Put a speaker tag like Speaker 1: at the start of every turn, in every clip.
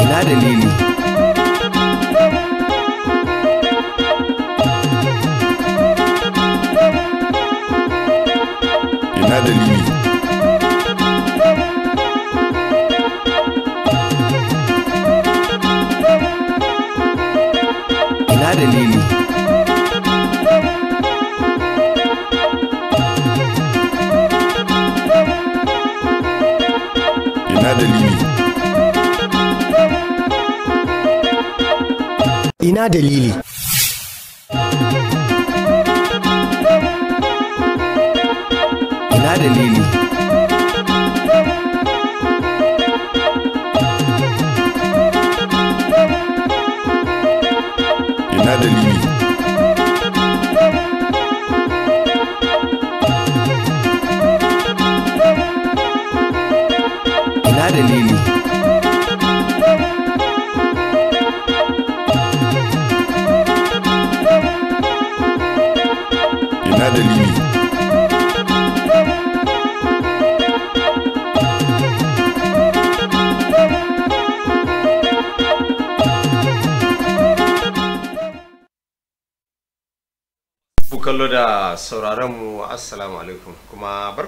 Speaker 1: Ina dalili.
Speaker 2: Ina dalili.
Speaker 3: dalili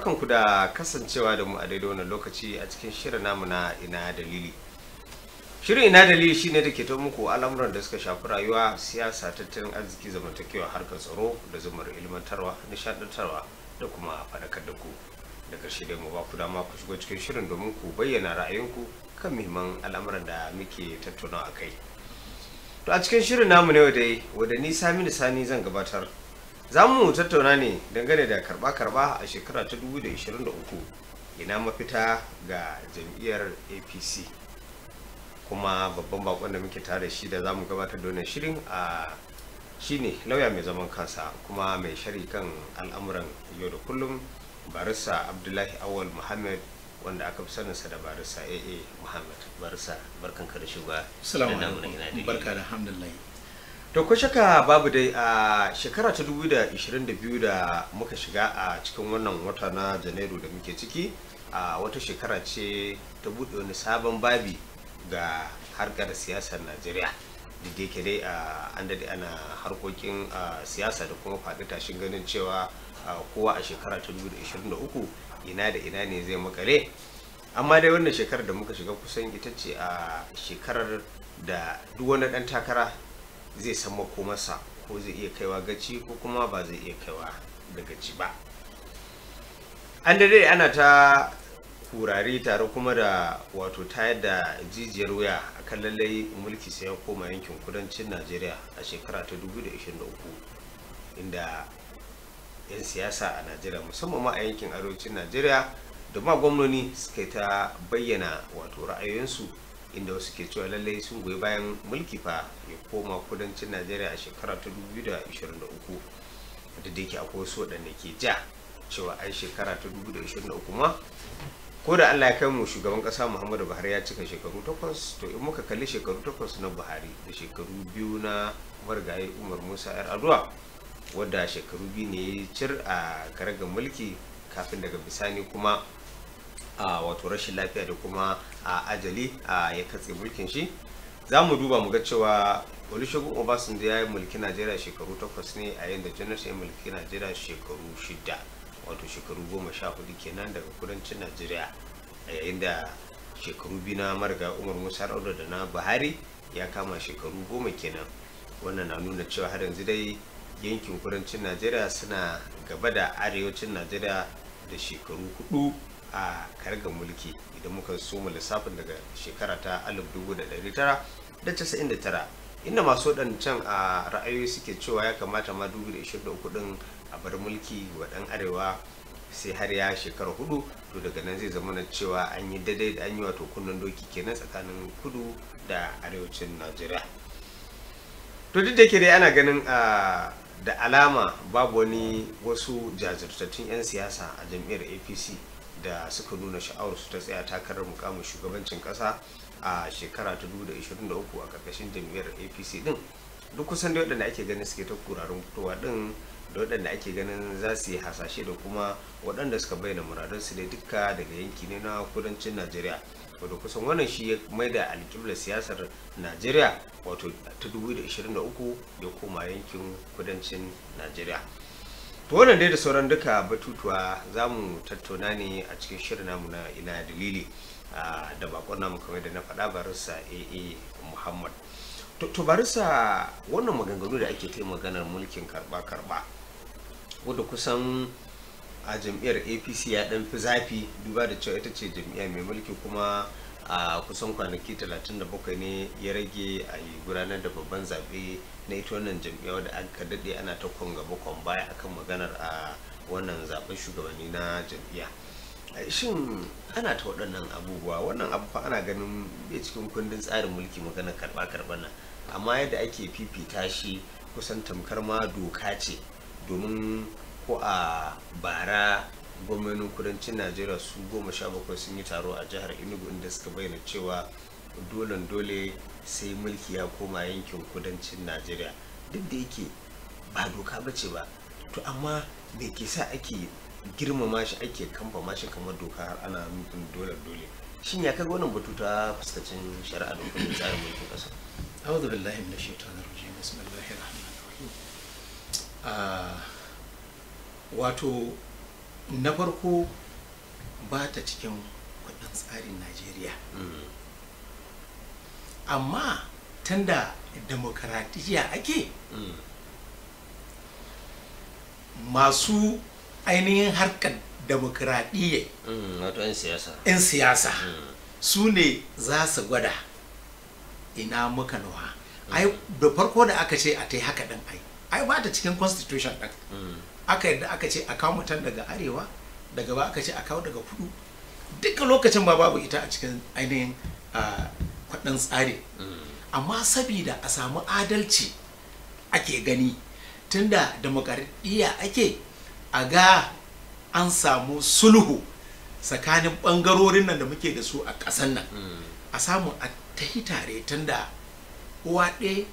Speaker 3: barkanku da kasancewa da mu a daidai wannan lokaci a cikin shirin namu na ina dalili shirin ina dalili shine da ke ta muku al'amuran da suka shafi rayuwa siyasa tattalin arziki zamantakewa harkar tsaro da zumar ilmantarwa nishadantarwa da kuma faɗakar da ku da ƙarshe dai mu ba ku dama ku shigo cikin shirin domin ku bayyana ra'ayinku kan muhimman al'amuran da muke tattaunawa a kai to a cikin shirin namu ne dai wadanni ni sami sani zan gabatar za mu tattauna ne dangane da karba-karba a shekara ta 2023 ina mafita ga jam'iyyar apc kuma babban bakon da muke tare shi da za mu gabatar da shirin a shine lauya mai zaman kansa kuma mai shari kan al'amuran yau da kullum barisa abdullahi awal muhammad wanda aka fi saninsa da barisa aa muhammad barista barkanka da shugaba salamu alaikum barka alhamdulillah to ko shaka babu dai a shekara ta 2022 da muka shiga a cikin wannan wata na janairu da muke ciki a wata shekara ce ta buɗe wani sabon babi ga harkar siyasar najeriya da yake dai an daɗe ana harkokin siyasa da kuma faɗi tashin ganin cewa kowa a shekara ta 2023 ina da ina ne zai makale amma dai wannan shekarar da muka shiga kusan ita ce a shekarar da duk wani ɗan takara zai san masa ko zai iya kaiwa gaci ko kuma ba zai iya kaiwa da gaci ba an dade ana ta kurare tare kuma da wato tayar da jijiyar wuya a kan lallai mulki sai koma yankin kudancin najeriya a shekara ta 2023 inda 'yan siyasa a najeriya musamman ma a yankin arewacin najeriya da ma gwamnoni suka ta bayyana wato ra'ayoyinsu inda wasu ke cewa lallai sun goyi bayan mulki fa ya koma kudancin najeriya a shekara ta 2023 da da ke akwai wasu waɗanda ke ja cewa an shekara ta 2023 ma ko da allah ya kai mu shugaban ƙasa muhammadu buhari ya cika shekaru takwas to in muka kalli shekaru takwas na buhari da shekaru biyu na marigayi umar musa yar aduwa wadda shekaru biyu ne ya cir a karagar mulki kafin daga bisani kuma a wato rashin lafiya da kuma a ajali a ya katse mulkin shi za mu duba mu ga cewa olusegun obasanjo ya yi mulki najeriya shekaru takwas ne a yadda janar ya mulki najeriya shekaru shida wato shekaru goma sha hudu kenan daga kudancin najeriya a yayin da shekaru biyu na marga umar musa rauda da na buhari ya kama shekaru goma kenan wannan na nuna cewa har yanzu dai yankin kudancin najeriya suna gaba da arewacin najeriya da shekaru hudu a karga mulki idan muka so mu lissafin daga shekara ta 1999 inda masu wadancan a ra'ayoyi suke cewa ya kamata ma 2023 din a bar mulki wa ɗan arewa sai har ya shekara hudu to daga nan zai zama na cewa an yi daidai da an yi wato kunnen doki kenan tsakanin kudu da arewacin najeriya to duk da ke dai ana ganin da alama babu wani wasu jajirtattun 'yan siyasa a jam'iyyar apc da suka nuna sha'awar su ta tsaya takarar mukamin shugabancin kasa a shekara ta 2023 a karkashin jam'iyyar apc din duk kusan da waɗanda ake ganin suke ta kurarin fitowa din da waɗanda ake ganin za su yi hasashe da kuma waɗanda suka bayyana su ne dukka daga yanki ne na kudancin najeriya wato kusan wannan shi ya da alƙiblar siyasar najeriya wato ta 2023 ya koma yankin kudancin najeriya to wannan dai da sauran duka batutuwa za mu tattauna ne a cikin shirin namu na ina dalili da bakon namu kamar da na faɗa barisa aa muhammad to barisa wannan maganganu da ake ta maganar mulkin karba-karba wadda kusan a jam'iyyar apc ya ɗan fi zafi duba da cewa ita ce jam'iyya mai mulki kuma a kusan kwanaki 37 ne ya rage a yi gudanar da babban zaɓe na ita wannan jam'iyya wadda aka daɗe ana ta gaba kwan baya akan maganar a wannan zaɓen shugabanni na jam'iyya shin ana ta waɗannan abubuwa wannan abubuwa ana ganin bai cikin kundin tsarin mulki maganar karɓa karɓa na amma yadda ake fifita shi kusan tamkar ma doka ce domin ko a bara gwamnonin kudancin najeriya su goma sha bakwai sun yi taro a jihar enugu inda suka bayyana cewa dolen dole sai mulki ya koma yankin kudancin najeriya duk da yake ba doka ba ce ba to amma da ke sa ake girmama shi ake kamfa shi kamar doka har ana nufin dole dole shin ya kaga wannan batu ta fuskacin shari'a da kuma tsarin mulkin kasa a'udhu billahi minash shaitanir rajim bismillahir rahmanir rahim ah,
Speaker 4: wato na farko ba ta cikin kudin tsarin najeriya mm. amma tanda demokaratiya ake mm. masu ainihin harkar demokaratiya mm, wato 'yan siyasa su ne za su gwada ina muka nuha ai da farko da aka ce a ta yi haka ɗin ai ai ba ta cikin constitution ɗin aka yadda aka ce a kawo mutum daga arewa daga ba aka ce a kawo daga kudu duka lokacin ba babu ita a cikin ainihin kwadon tsari mm. amma sabida a samu adalci ake gani tunda demokaradiyya ake a ga an samu sulhu tsakanin bangarorin nan da muke da su a ƙasan nan mm. a samu a ta tare tunda uwa ɗaya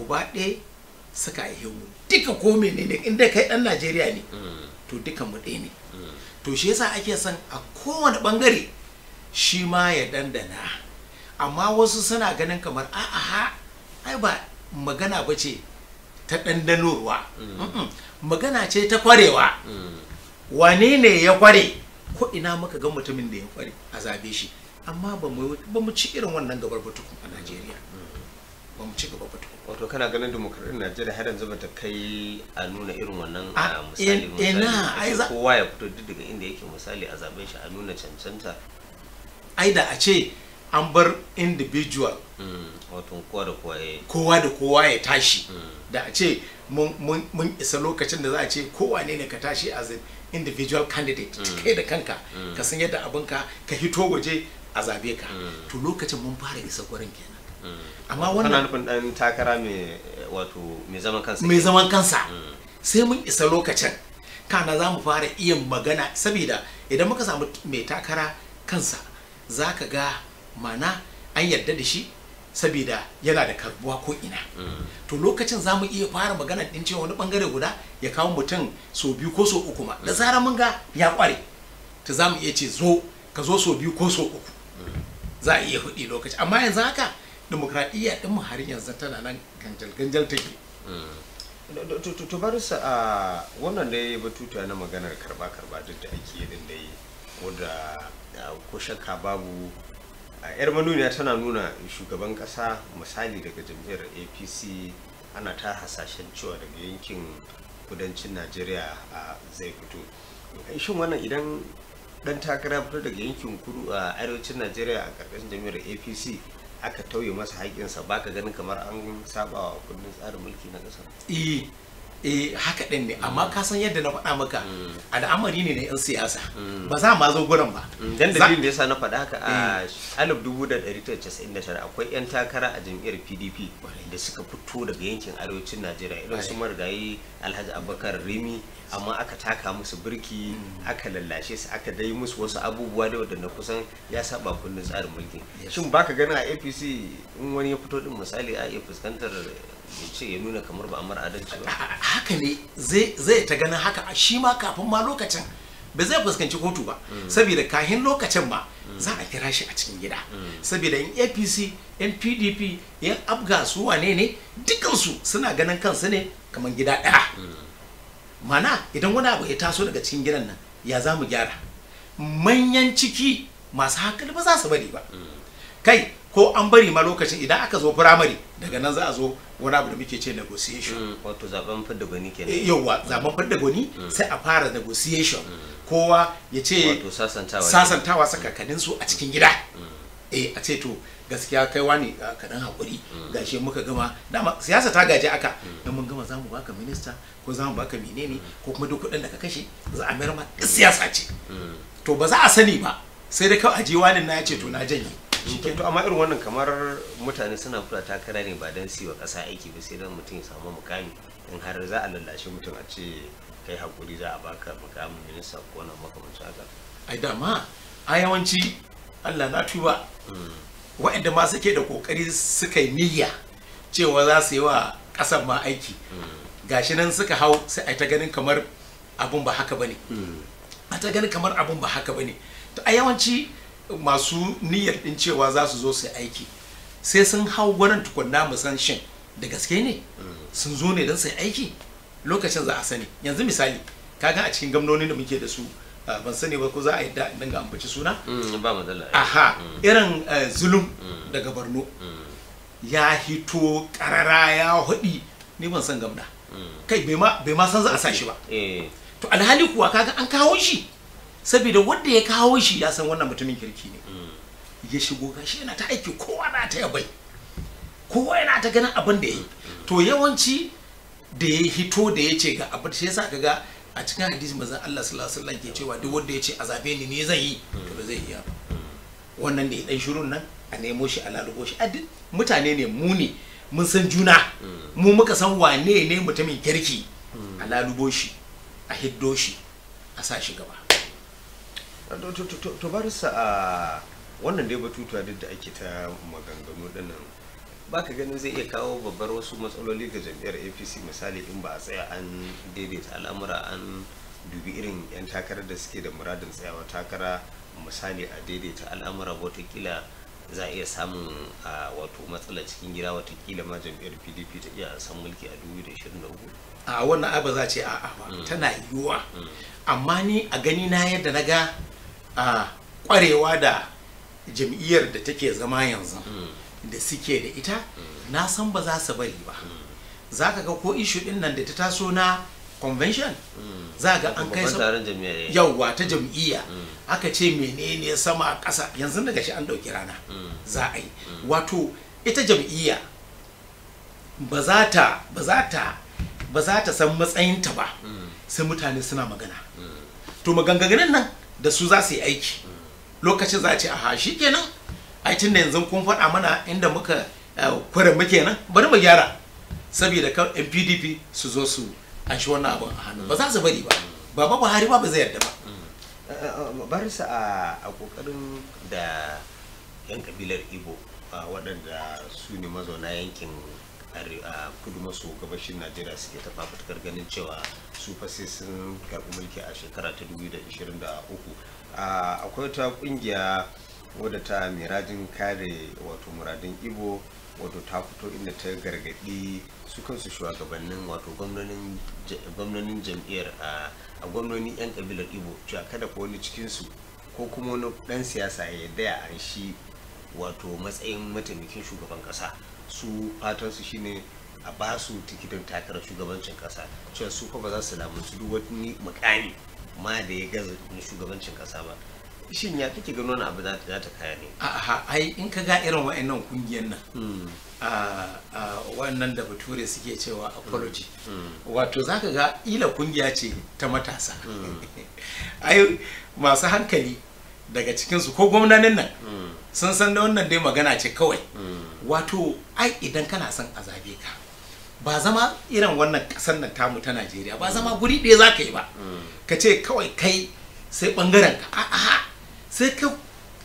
Speaker 4: uba ɗaya suka yi mu duka ko menene inda kai dan Najeriya ne hmm. to duka mu ɗaya ne hmm. to shi yasa ake son a kowane bangare shi ma ya dandana amma wasu suna ganin kamar a'a ai ba magana ba ce ta ɗandanurwa hmm. magana ce ta kwarewa wane ne ya kware ko ina muka ga mutumin da ya kware a zabe shi amma ba mu ci irin wannan gabar ba a najeriya ba mu ci gaba ba
Speaker 3: wato kana ganin demokradiyyar najeriya har yanzu bata kai a nuna irin wannan misali eh, misali kowa ya fito duk daga inda yake misali a zaben shi a nuna cancanta
Speaker 4: ai da a ce an bar individual
Speaker 3: hmm, wato kowa da kowa ya kowa da
Speaker 4: kowa ya tashi hmm. da a ce mun isa lokacin da za a ce kowa ne ne ka tashi as an individual candidate hmm. kai da kanka ka san yadda abinka ka hito waje a zabe ka to lokacin mun fara isa gurin
Speaker 1: kenan
Speaker 4: amma wannan kana
Speaker 3: nufin dan takara mai wato mai zaman kansa mai zaman kansa mm.
Speaker 4: sai mun isa lokacin kana za mu fara iya magana saboda idan muka samu mai takara kansa za ka ga mana an yarda da shi saboda yana da karbuwa ko ina mm. to lokacin za mu iya fara magana din cewa wani bangare guda ya kawo mutum so biyu ko so uku ma da mm. zarar mun ga ya kware to za mu iya ce zo ka zo so biyu ko so uku
Speaker 3: za a iya hudi
Speaker 4: lokaci amma yanzu haka demokradiyya din mu har yanzu tana nan ganjal
Speaker 5: ganjal take
Speaker 3: to bar sa a wannan da ya batuta na maganar karba karba duk da ake din dai da ko shakka babu yar manuniya tana nuna shugaban kasa misali daga jam'iyyar apc ana ta hasashen cewa daga yankin kudancin najeriya zai fito shin wannan idan dan takara fito daga yankin kudu a arewacin najeriya a karkashin jam'iyyar apc aka tauye masa haƙƙinsa ba ka ganin kamar an saba wa kundin tsarin mulki na ƙasar eh eh haka din ne amma ka san yadda na faɗa maka mm. al'amari ne na 'yan siyasa mm.
Speaker 4: ba za ma zo gurin
Speaker 1: ba mm, dan dalilin da yasa
Speaker 3: na faɗa haka a 1999 eh. akwai 'yan takara a jam'iyyar PDP da suka fito daga yankin arewacin Najeriya irin su marigayi Alhaji Abubakar Rimi amma aka taka musu birki aka lallashe su aka dai musu wasu abubuwa da wadanda kusan ya saba kundin tsarin mulki shin baka gani a APC in wani ya fito din misali a iya fuskantar ce ya nuna kamar ba amar adalci ba haka ne zai ta ganin
Speaker 4: haka shi ma kafin ma lokacin ba zai fuskanci kotu ba mm. saboda kahin lokacin ba mm. za a kira shi a cikin gida mm. saboda in apc yan pdp yan abga su wane ne dukansu suna ganin kansu ne kamar gida ɗaya mana idan wani abu ya taso daga cikin gidan nan ya za mu gyara manyan ciki masu hankali ba za su bari ba kai ko an bari ma lokacin idan aka zo firamare daga nan za a zo wani abu
Speaker 3: da muke ce negotiation mm, wato zaben fadda gani
Speaker 1: kenan eh, yawa
Speaker 4: zaben fadda gani mm. sai a fara negotiation mm. kowa
Speaker 3: ya ce sasantawa
Speaker 4: tsakanin su a cikin gida eh a ce to gaskiya kai wani kaɗan hakuri gashi muka gama dama siyasa ta gaji aka dan mun gama zamu baka minista ko zamu baka menene ko kuma duk kudin da ka kashe za a mayar ma siyasa ce to ba za a sani ba sai dai kawai aje wani na ya ce to na
Speaker 3: janye to amma irin wannan kamar mutane suna fura takara ne ba don su wa ƙasa aiki ba sai don mutum ya samu mukami in har za a lallashe mutum a ce kai hakuri za a baka mukamin minista ko na makamancin haka
Speaker 4: ai dama a yawanci Allah na tuba hmm. waɗanda ma suke da kokari suka yi niyya cewa za su yi wa ƙasar ma aiki hmm. gashi nan suka hau sai a ta ganin kamar abun ba haka ne. Hmm. a ta ganin kamar abun ba haka bane to a yawanci masu niyyar din cewa za su zo su aiki sai sun hau gwanin tukunna mu da gaske ne sun zo ne don su aiki lokacin za a sani yanzu misali kaga a cikin gamnonin da muke da su ban sani ba ko za a yadda dinga ambaci suna
Speaker 3: mm, ba madalla aha mm. irin
Speaker 4: eh, zulum mm. daga Borno ya hito karara ya hudi ni ban san gamna kai bai ma san za a sa shi ba eh. to alhali kuwa kaga an kawo shi saboda wanda ya kawo shi ya san wannan mutumin kirki ne hmm. ya shigo gashi yana ta aiki kowa na ta yabai kowa yana ta ganin abin da yi hmm. to yawanci da ya hito da ya ce ga abin shi yasa kaga a cikin hadisi mazan Allah sallallahu alaihi ke cewa duk wanda ya ce a zabe ni ne zan yi to ba zai iya ba hmm. wannan ne dan shirun nan a nemo shi a lalubo shi a mutane ne mu mun san juna mu muka san wane ne mutumin kirki a lalubo shi a hiddo shi
Speaker 3: a sa shi gaba to bari sa a wannan dai batutuwa duk da ake ta maganganu dinnan baka ganin zai iya kawo babbar wasu matsaloli ga jam'iyyar apc misali in ba a tsaya an daidaita al'amura an dubi irin 'yan takarar da suke da muradin tsayawa takara misali a daidaita al'amura watakila za a iya samun wato matsala cikin gida watakila ma jam'iyyar pdp ta iya san mulki a 2023
Speaker 4: a wannan abu za ce a'a mm. tana
Speaker 3: yiwuwa mm.
Speaker 4: amma ni a gani na yadda na ga a kwarewa da jam'iyyar da take zama yanzu da suke da ita na san ba za su bari ba za ka ga ko ishu din nan da ta taso na convention za ga an kai yauwa ta jam'iyya mm. aka ce menene sama a ƙasa yanzu daga shi an ɗauki rana mm. za a yi mm. wato ita jam'iyya ba za ta ba za ta ba za ta san matsayinta ba sai mutane suna magana to maganganun nan da su za su yi aiki lokacin za a ce a shi kenan a tun da yanzu kun faɗa mana inda muka eh, kware muke nan bari mu gyara saboda kan NPDP su zo su shi wannan abin a hannu ba za su bari ba baba Buhari ba ba zai yarda ba
Speaker 3: mm. barisa a kokarin da yan kabilar Igbo waɗanda su ne mazauna yankin a kudu maso gabashin najeriya suke ta fafutukar ganin cewa su fasi sun karbi mulki a shekara ta 2023 akwai wata kungiya wadda ta miradin kare wato muradin ibo wato ta fito inda ta gargaɗi su kansu shugabannin wato gwamnonin jam'iyyar a gwamnoni 'yan kabilar ibo cewa kada ko wani cikinsu ko kuma wani ɗan siyasa ya yarda ya shi wato matsayin mataimakin shugaban ƙasa su fatan su shine a ba su tikitin takarar shugabancin kasa cewa su kuma za su lamunci duk wani mukami ma da ya gaza shugabancin kasa ba shin ya kike gano wani abu za ta kaya ne
Speaker 4: a ai in ka ga irin wa'annan kungiyar nan hmm. wannan da bature suke cewa hmm. apology hmm. wato zaka ga ila kungiya ce ta matasa ai masu hankali daga cikinsu ko gwamnanin nan mm. sun san da wannan dai magana ce kawai mm. wato ai idan kana son a zabe ka ba zama irin wannan ƙasar nan tamu ta najeriya ba zama guri ɗaya za ka yi ba mm. ka ce kawai kai sai ɓangaren ka a'a sai ka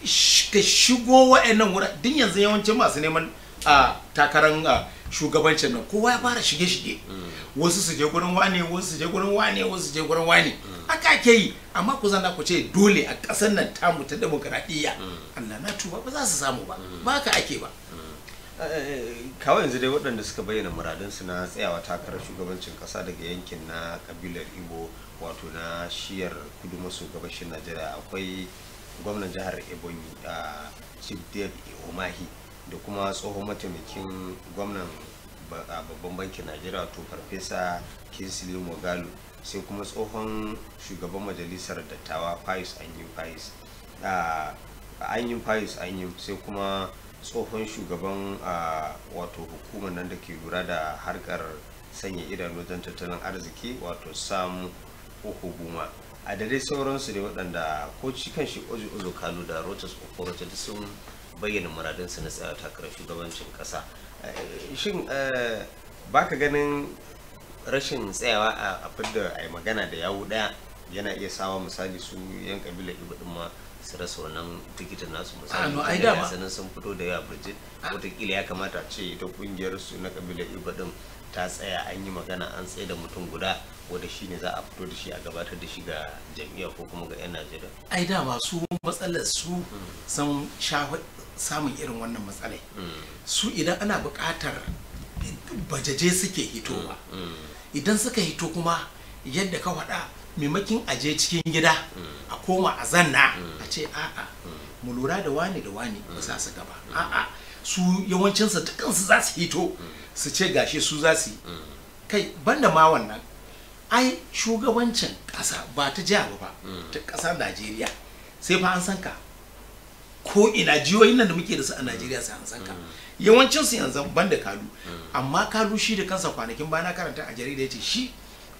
Speaker 4: shigo wa'annan wurin din yanzu yawancin masu neman a takarar shugabancin nan kowa ya fara shige-shige wasu su je gurin wane wasu su je gurin wane wasu su je gurin wane haka ake yi amma ku zanna ku ce dole a ƙasar nan tamu ta demokradiyya mm. Allah na tuba ba za
Speaker 3: su samu ba mm. ba haka ake ba mm. eh, eh, kawai yanzu dai waɗanda suka bayyana muradinsu na tsayawa takarar shugabancin ƙasa daga yankin na kabilar ibo wato na shiyar kudu maso gabashin najeriya akwai gwamnan jihar ebonyi a chief omahi da kuma tsohon mataimakin gwamnan babban bankin najeriya to farfesa kinsley mogalu sai kuma tsohon shugaban majalisar dattawa fayus anyin fayus anyin fayus anyin sai kuma tsohon shugaban wato hukumar nan da ke lura da harkar sanya idanu don tattalin arziki wato samu uku guma a da sauransu ne waɗanda ko ci kan shi oji ozo kano da rotas okorocha sun bayyana muradinsu na tsaya takarar shugabancin ƙasa shin eh, baka ganin rashin tsayawa a fidda a yi magana da yawu daya yana iya sawa misali su yan kabila ibo din ma su rasa wannan tikitin nasu misali da sanin sun fito da yawa Bridget ah. wataƙila ya kamata ce ita kungiyar su na kabila ibo din ta tsaya an yi magana an tsaye da mutum guda wanda shi ne za a fito da shi a gabatar da shi ga jam'iyya ko kuma ga 'yan najeriya
Speaker 4: ai dama su matsalar su hmm. sun samun irin wannan matsalai hmm. su idan ana buƙatar bajaje suke hitowa hmm. idan suka hito kuma yadda ka faɗa maimakin aje cikin gida
Speaker 1: mm. a koma
Speaker 4: a zanna mm. a ce a'a mm. mu lura da wani da wani ba za su gaba a'a su yawancinsa su za su hito su ce gashi su za su yi kai banda ma wannan ai shugabancin ƙasa ba ta jiha ba ta ƙasar najeriya sai fa an sanka ka ko ina jihohin nan da muke da su a najeriya sai an san yawancinsu yanzu ban da kalu hmm. amma kalu shi da kansa kwanakin bana karanta a jarida ya ce shi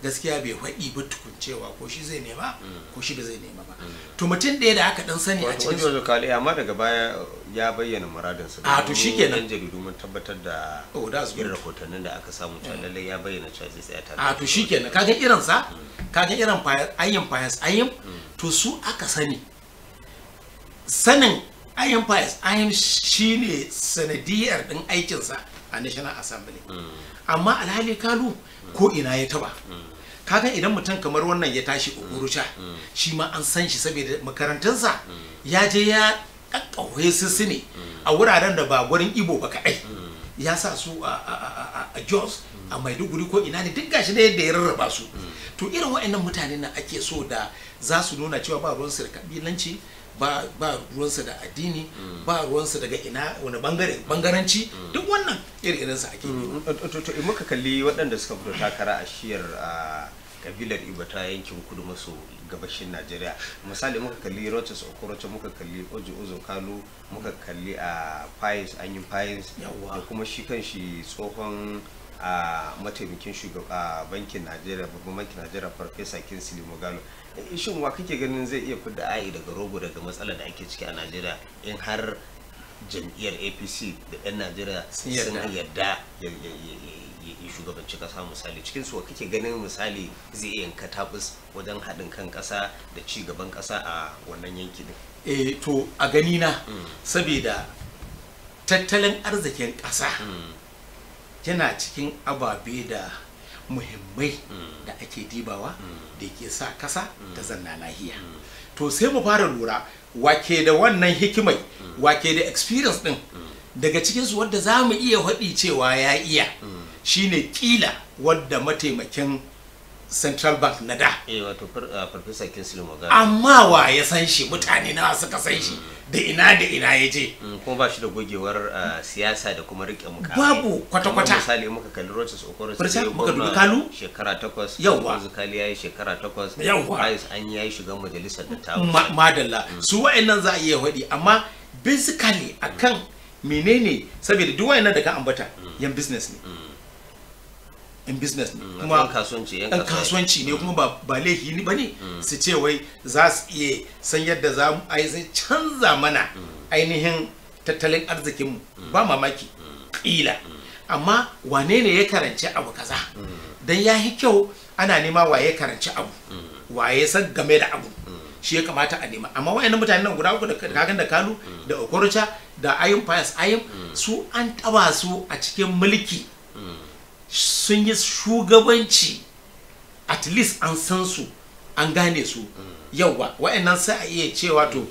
Speaker 4: gaskiya bai faɗi ba tukuncewa ko shi zai nema hmm. ko shi ba zai nema ba hmm. to mutum ɗaya da aka dan sani a cikin wajen
Speaker 3: kalu eh, amma daga baya ya bayyana muradin sa a ah, to shikenan yan jaridu mun tabbatar da oh, irin rahotannin da aka samu cewa lalle ya bayyana cewa zai tsaya tare a ah, to shikenan kaga
Speaker 4: irin sa kaga irin fayas ayyin fayas ayyin to su aka sani sanin iron pies iron shine sanadiyar ɗin aikinsa a national assembly hmm. amma alhali kalu ko hmm. ina ya taba hmm. kaga idan mutum kamar wannan ya tashi ogurusha shi ma an san shi saboda makarantarsa ya je ya ƙauye sissi a wuraren da ba wurin ibo ba kaɗai ya sa su a jos a maiduguri ko ina ne duk gashi da yadda ya rarraba su to irin wa'annan mutane na ake so da za su nuna cewa ba ruwan kabilanci. ba ba ruwansa da addini ba ruwansa daga ina wani bangare bangaranci duk
Speaker 3: wannan irin sa ake mm, to in muka kalli waɗanda suka fito takara a shiyar kabilar ibo ta yankin kudu maso gabashin najeriya misali muka kalli Rochas okorocha muka kalli oji ozo kalu muka kalli a pines anyin pines da kuma shi kan shi tsohon a mataimakin shugaba bankin najeriya babban bankin najeriya farfesa kinsley mogalo shin wa kake ganin zai iya fidda ayi daga rogo daga matsalar da ake ciki a najeriya in har jam'iyyar apc da 'yan najeriya sun yarda ya shugabanci kasa misali cikin su kake ganin misali zai iya yanka tabus wajen haɗin kan ƙasa da ci gaban ƙasa a wannan yanki din
Speaker 4: eh to a gani na mm.
Speaker 3: saboda
Speaker 4: tattalin arzikin ƙasa mm. yana cikin ababe da muhimmai mm. da ake dibawa da ke sa kasa ta mm. zanna lahiya mm. to sai mu fara lura wake da wannan hikimai mm. wake da experience din daga cikinsu wadda za mu iya faɗi cewa ya iya shine kila wadda mataimakin central bank na da eh, ah, amma wa
Speaker 3: ya san shi mutane na suka san shi mm. da ina da ina ya je mm, kuma ba shi da gogewar ah, siyasa da kuma rike muka
Speaker 5: babu kwata-kwata
Speaker 3: misali muka kalli rochus okoro sai muka dubi kalu shekara takwas yawwa zukali ya yi shekara takwas yawwa an yi shiga majalisar da ta madalla mm. su wa'annan za a iya faɗi amma basically
Speaker 4: akan menene saboda duk wa'annan da ka ambata yan business ne in business mm, kuma yan kasuwanci ne mm. kuma ba laifi ne ba ne mm. su ce wai za su iya san yadda za mu ai canza mana ainihin tattalin arzikinmu ba mamaki ƙila amma wane ne ya karanci abu kaza don ya yi kyau ana nema waye karanci abu waye san game da abu shi ya kamata a nema amma wayannan nan guda uku da kagan da kalu da okorocha da ayun fayas ayun su an taba su a cikin mulki sun yi shugabanci at least an san su an gane su mm. yauwa wa'annan sai a iya cewa to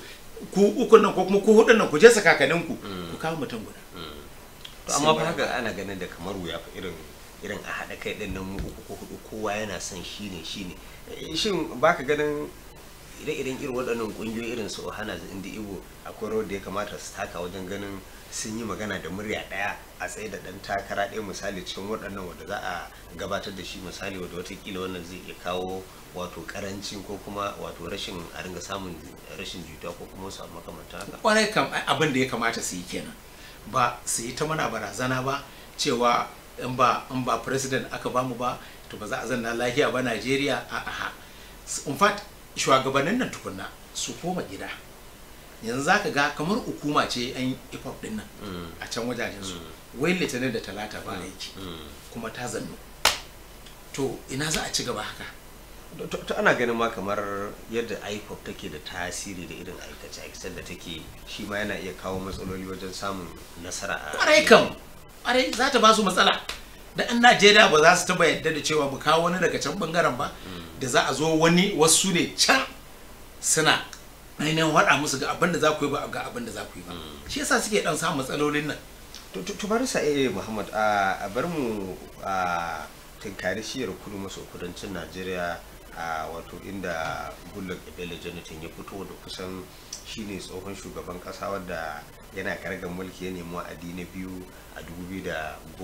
Speaker 4: ku uku nan ko kuma ku hudu nan ku je sakakanin ku
Speaker 3: ku mm. kawo mutum guda mm. to amma ba haka ana ganin da kamar wuya fa irin irin a haɗa kai ɗin nan uku ko hudu kowa yana son shine shine eh, shin baka ganin ire-iren irin waɗannan ƙungiyoyi irin su ohana da indi ibo akwai rawar da ya kamata su taka wajen ganin sun yi magana da murya ɗaya a tsaye da dan takara ɗaya misali cikin waɗannan wanda za a gabatar da shi misali wanda watakila wannan zai iya kawo wato karancin ko kuma wato rashin a ringa samun rashin jituwa ko kuma wasu makamantan haka kwarai kam abin da ya kamata su
Speaker 4: yi kenan ba su yi ta mana barazana ba cewa in ba in ba president aka bamu ba to ba za a zanna lahiya ba Najeriya a'a in fact shugabannin nan tukunna su koma gida yanzu za ka ga kamar hukuma ce yan hip-hop din nan mm. a can wajajen su mm. wai litinin da talata ba mm. aiki kuma ta zanno to ina
Speaker 3: za a ci gaba haka ta ana ganin ma kamar yadda ipop take da tasiri da irin aikace aikacen da take shi ma yana iya kawo matsaloli wajen samun nasara a kwarai kam
Speaker 4: kwarai za ta ba su
Speaker 3: matsala da an najeriya
Speaker 4: ba za su taba yadda da cewa ba kawo wani daga can bangaren ba da za a zo wani wasu ne can suna ina waɗa musu ga abin da za ku yi ba ga abin da za ku
Speaker 3: yi ba mm. shi yasa suke dan samun matsalolin nan to bari sa eh, eh muhammad a bar mu a tinkari shiyar kudu maso kudancin najeriya a wato inda gullak ebele jonathan ya fito da kusan shine tsohon shugaban kasa wadda yana kargan mulki ya nemi adi na biyu a 2015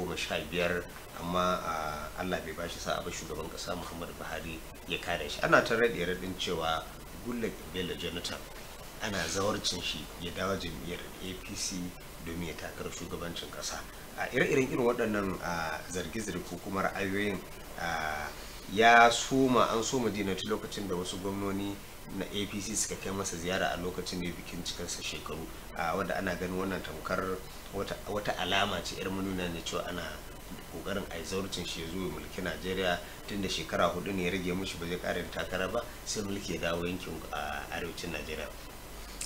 Speaker 3: amma allah bai bashi sa'a ba shugaban kasa muhammadu buhari ya kare shi ana ta raɗe raɗin cewa gullet bello jonathan ana zawarcin shi ya dawo jam'iyyar apc domin ya takar shugabancin kasa a ire-iren irin waɗannan zarge-zarge ko kuma ra'ayoyin ya soma an soma dinati lokacin da wasu gwamnoni na apc suka kai masa ziyara a lokacin da ya bikin cikinsa shekaru a wadda ana ganin wannan tamkar wata alama ce 'yar manuna ne cewa ana kokarin a yi zaurcin shi zuwa mulki najeriya tun da shekara hudu ne ya rage mushi ba zai karin takara ba sai mulki ya dawo yankin a arewacin najeriya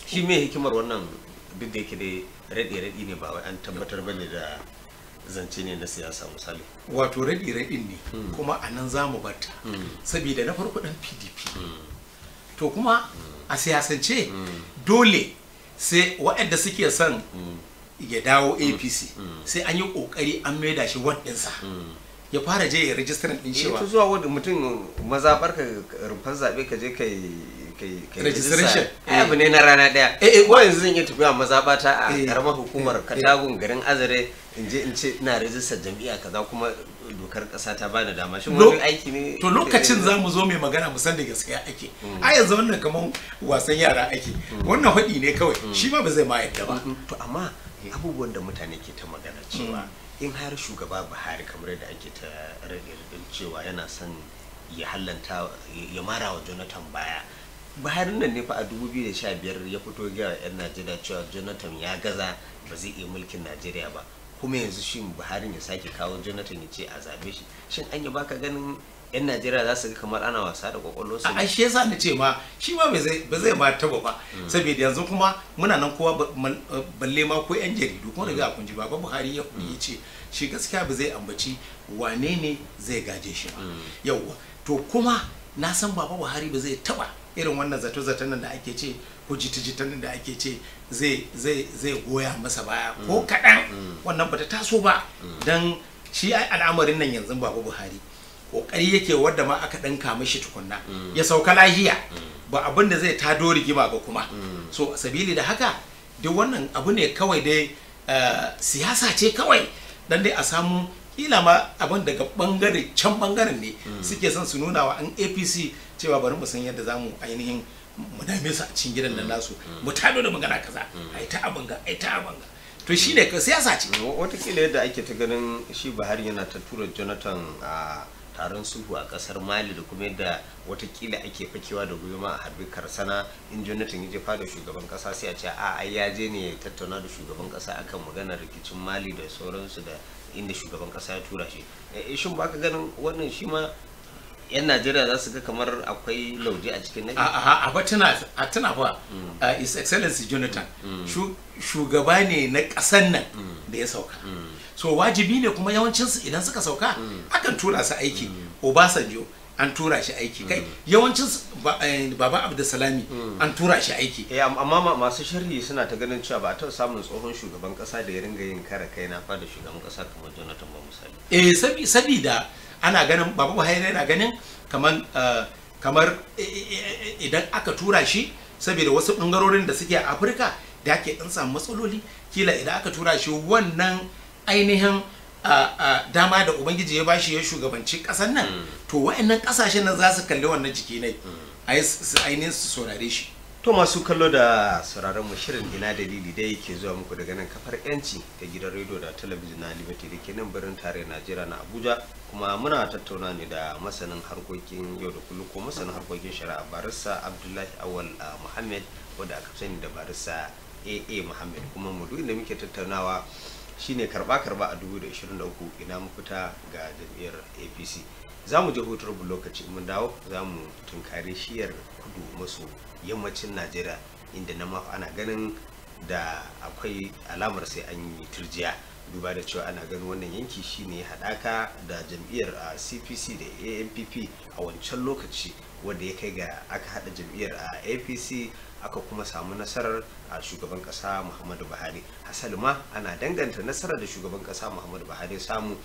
Speaker 3: shi mai hikimar wannan duk da yake dai raɗe-raɗi ne ba wai an tabbatar ba ne da zance ne na siyasa misali wato raɗe-raɗin
Speaker 4: ne hmm. kuma a nan za mu bata hmm. saboda na farko ɗan pdp hmm. to kuma a siyasance dole sai waɗanda suke son ya dawo mm. apc mm. sai an yi kokari an maida shi waɗinsa mm. ya fara je ya rijistar din shi ba
Speaker 3: zuwa wadda mutum mazaɓar ka rumfar zaɓe ka je kai registration eh abu ne na rana daya eh eh ko yanzu zan yi tafiya mazaɓa ta a karamar eh, eh, hukumar eh. katagun garin azare in je in ce ina rijistar jam'iyya kaza kuma dokar ƙasa ta bani dama shin wani aiki ne to lokacin za mu zo mai magana
Speaker 4: mu san da gaskiya ake a yanzu wannan kamar wasan yara ake wannan faɗi ne kawai
Speaker 3: shi ma ba zai ma yadda ba to amma Eh, abubuwan da mutane ke ta magana mm. cewa in har shugaba buhari kamar da ake ta rage cewa yana son ya hallanta ya mara wa jonathan baya buhari nan ne fa a 2015 ya fito ga 'yan najeriya cewa jonathan ya gaza ba zai iya mulkin najeriya ba kuma yanzu shi buhari ya sake kawo jonathan ya ce a zabe shi shin an yi baka ganin 'yan najeriya za su ga kamar ana wasa da kwakwalwar su a shi yasa na ce ma
Speaker 4: shi ma ba zai ma taba ba mm. saboda yanzu kuma muna nan kowa eh, balle ma ko 'yan jaridu kuma daga kunji ba. baba buhari ya kuri mm. ya ce shi gaskiya ba zai ambaci wane ne zai gaje shi ba mm. Yauwa to kuma na san baba buhari ba zai taba irin wannan zato-zaton nan da ake ce ko jita-jitan nan da ake ce zai goya masa baya ko kaɗan wannan ba ta taso ba don shi al'amarin nan yanzu baba buhari kokari yake wadda ma aka ɗinka mishi tukunna ya sauka lahiya ba abin da zai tado rigima ba kuma so sabili da haka duk wannan abu ne kawai dai eh, siyasa ce kawai dan dai a samu kila ma abin daga bangare can bangaren ne suke son su nuna wa an apc cewa bari mu san yadda zamu ainihin mu dame su a cikin gidan nan nasu mu tado da magana kaza ai ta abanga ai ta abanga
Speaker 3: to shine siyasa ce kila yadda ake ta ganin shi buhari yana ta tura jonathan a ah, taron suhu a kasar mali da kuma yadda watakila ake fakewa da gwiwa a harbi karsana in jonathan ya jefa da shugaban kasa sai a ce a ai ya je ne ya tattauna da shugaban kasa akan maganar rikicin mali da sauransu da inda shugaban kasa ya tura shi eh, eh, shin ba ka ganin wannan shi ma yan najeriya za su ga kamar akwai lauje a cikin nake a ba tana a tana ba
Speaker 1: mm.
Speaker 4: uh, his excellency jonathan mm. shugaba ne na kasan nan mm. da ya sauka so wajibi ne kuma yawancinsu idan suka sauka mm. akan tura su aiki mm. obasanjo an tura shi aiki kai mm. yawancin eh, baba abdulsalami an tura shi
Speaker 3: aiki eh, amma masu sharhi suna ta ganin cewa ba ta samun tsohon shugaban kasa da ya ringa yin kare kai na fada shugaban kasa kamar jonathan ba
Speaker 4: misali eh sabida ana ganin baba buhari yana ganin eh, kamar kamar idan aka tura shi saboda wasu bangarorin da suke a afirka da ake dan samu matsaloli kila idan aka tura shi wannan ainihin dama da ubangiji ya bashi ya shugabanci ƙasar nan hmm. to wa'annan ƙasashen nan za su kalli wannan jiki ne hmm. ainihin su
Speaker 3: saurare shi to masu kallo da sauraron mu shirin ina dalili da yake zuwa muku daga nan kafar yanci ta gidan rediyo da talabijin na liberty da ke nan birnin tare najeriya na abuja kuma muna tattauna ne da masanin harkokin yau da kullum ko masanin harkokin shari'a barissa abdullahi awal muhammad wanda aka sani da barissa aa muhammad kuma mu da muke tattaunawa shine karba karba a 2023 ina mafita ga jam'iyyar apc za mu je hutar lokaci mun dawo za mu tunkari shiyar kudu maso yammacin najeriya inda na mafi ana ganin da akwai alamar sai an yi turjiya duba da cewa ana ganin wannan yanki shine haɗaka da jam'iyyar cpc da ampp a wancan lokaci wanda ya kai ga aka haɗa jam'iyyar apc aka kuma samu nasarar a shugaban kasa muhammadu buhari hasali ma ana danganta nasarar da shugaban kasa muhammadu buhari samu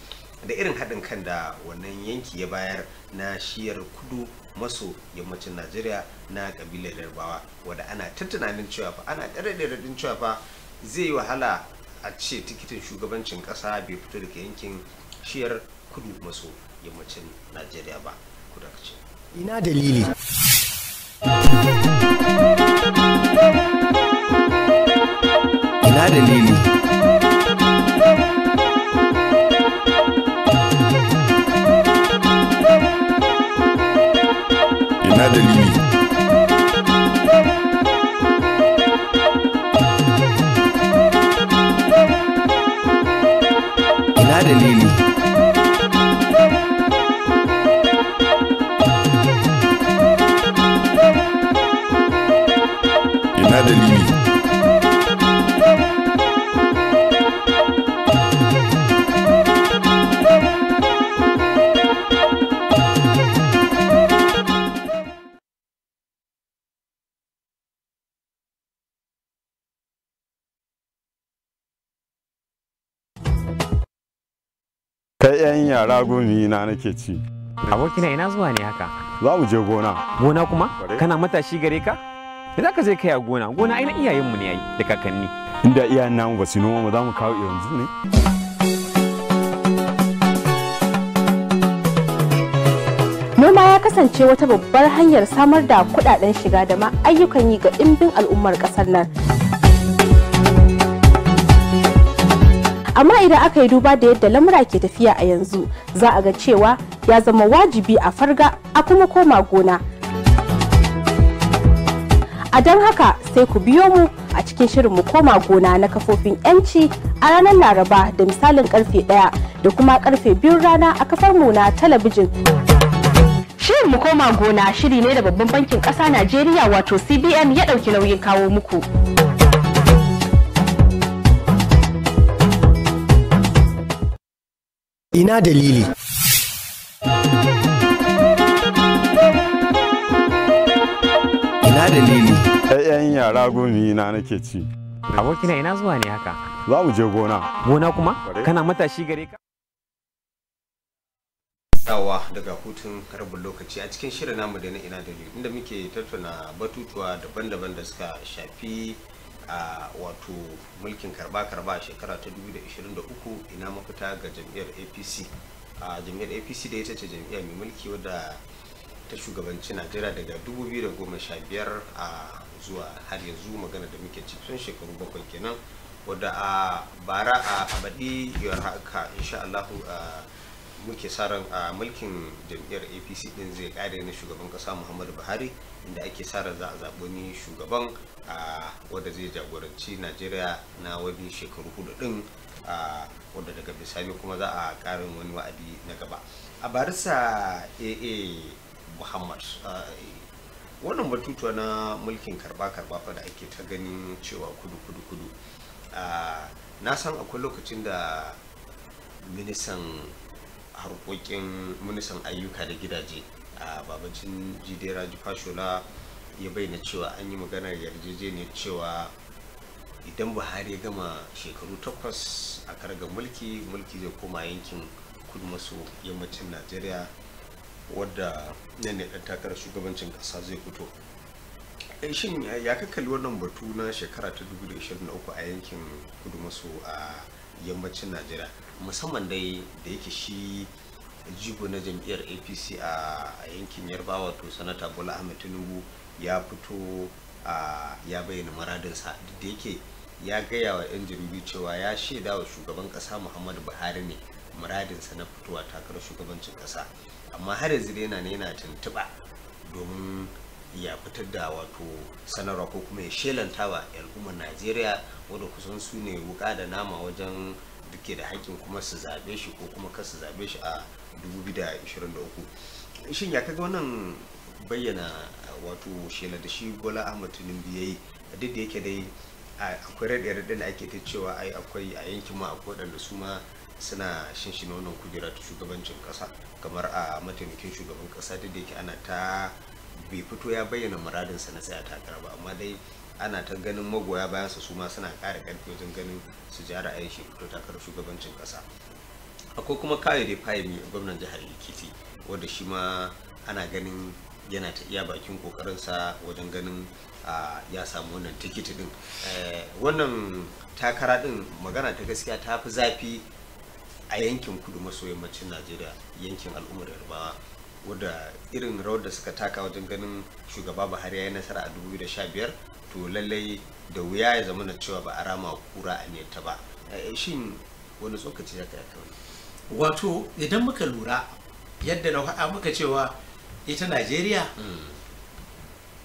Speaker 3: da irin haɗin kan da wannan yanki ya bayar na shiyar kudu maso yammacin najeriya na kabilar yarbawa wadda ana tattunanin tunanin cewa fa ana ɗaraɗin cewa fa zai yi wahala a ce tikitin shugabancin ƙasa bai fito daga yankin shiyar kudu maso yammacin najeriya ba kudu ina dalili
Speaker 2: Ina dalili.
Speaker 5: yara gumi na
Speaker 3: nake ci abokina ina zuwa ne haka za mu je gona gona kuma kana matashi gare ka da za ka je kai a gona gona ina na iyayenmu ne ai da kakanni inda iyayen namu ba su noma
Speaker 6: mu za mu kawo yanzu ne
Speaker 4: Noma ya kasance wata babbar hanyar samar da kuɗaɗen shiga da ma ayyukan yi ga ɗimbin al'ummar ƙasar nan. amma idan aka yi duba da yadda lamura ke tafiya a yanzu za a ga cewa ya zama wajibi a farga a kuma koma gona a don haka sai ku biyo mu a cikin shirin mu koma gona na kafofin yanci a ranar laraba da misalin karfe ɗaya da kuma karfe biyu rana a kafar mu na talabijin shirin mu koma gona shiri ne da babban bankin ƙasa najeriya wato cbn ya dauki nauyin kawo muku.
Speaker 3: Ina dalili? Ina dalili? ‘Ya'yan yara gumi na nake ci. Abokina ina zuwa ne haka? Za
Speaker 5: mu je gona. Gona kuma? Kana matashi gare ka?
Speaker 3: dawa daga hutun rabin lokaci a cikin shirin namu da na ina dalili inda muke tattauna batutuwa daban-daban da suka shafi a wato mulkin karba-karba shekara ta 2023 ina mafita ga jam'iyyar apc a jam'iyyar apc da ita ce jam'iyyar mai mulki wadda ta shugabanci najeriya daga 2015 a zuwa har yanzu magana da muke cikin shekaru bakwai kenan wadda a bara a abadi yawar haka insha allahu muke sa ran a mulkin jam'iyyar apc din zai kare na shugaban kasa muhammadu buhari inda ake sa ran za a zaɓi wani shugaban a wanda zai jagoranci najeriya na wani shekaru hudu din a wanda daga bisani kuma za a karin wani wa'adi na gaba a barisa aa muhammad wannan batutuwa na mulkin karba-karba fa da ake ta ganin cewa kudu-kudu-kudu na san akwai lokacin da ministan harkokin munisan ayyuka da gidaje a babacin jidera fashola ya bayyana cewa an yi maganar yarjejeniyar cewa idan buhari ya gama shekaru takwas a karga mulki mulki zai koma yankin kudu maso yammacin najeriya wadda nan ne dan takarar shugabancin ƙasa zai fito eh, shin ya kakkali wannan batu na shekara ta 2023 a yankin kudu maso a yammacin najeriya musamman dai da yake shi jigo na jam'iyyar apc a yankin yarbawa to sanata bola ahmed tinubu ya fito ya bayyana maradinsa duk da yake ya gaya wa 'yan jaribi cewa ya shaida wa shugaban kasa muhammadu buhari ne muradinsa na fitowa takarar shugabancin kasa amma har yanzu dai yana ne yana tuntuɓa domin ya fitar da wato sanarwa ko kuma ya shelanta wa al'ummar najeriya wadda kusan su ne wuka da nama wajen duke da haƙƙin kuma su zaɓe shi ko kuma kasu su zaɓe shi a 2023 shin ya kaga wannan bayyana wato shela da shi bola ahmad tinubu ya yi duk da yake dai akwai raɗe-raɗe da ake ta cewa ai akwai a yankin ma akwai waɗanda su ma suna shinshina wannan kujera ta shugabancin ƙasa kamar a mataimakin shugaban ƙasa duk da yake ana ta bai fito ya bayyana muradinsa na tsaya takara ba amma dai ana ta ganin magoya bayansa su suma suna ƙara ƙarfi wajen ganin su ji ra'ayin shi fito takarar shugabancin ƙasa akwai kuma da fayi mai gwamnan jihar ekiti wanda shi ma ana ganin yana ta iya bakin kokarinsa wajen ganin ya samu wannan tikiti din eh, wannan takara din magana ta gaskiya ta fi zafi a yankin kudu maso yammacin najeriya yankin al'ummar yarbawa wadda irin rawar da suka taka wajen ganin shugaba buhari ya yi nasara a 2015 to lallai da wuya ya zama na cewa ba a rama kura a ta ba eh, shin wani tsokaci ya kai kawai wato idan muka lura
Speaker 4: yadda na faɗa muka cewa ita najeriya mm.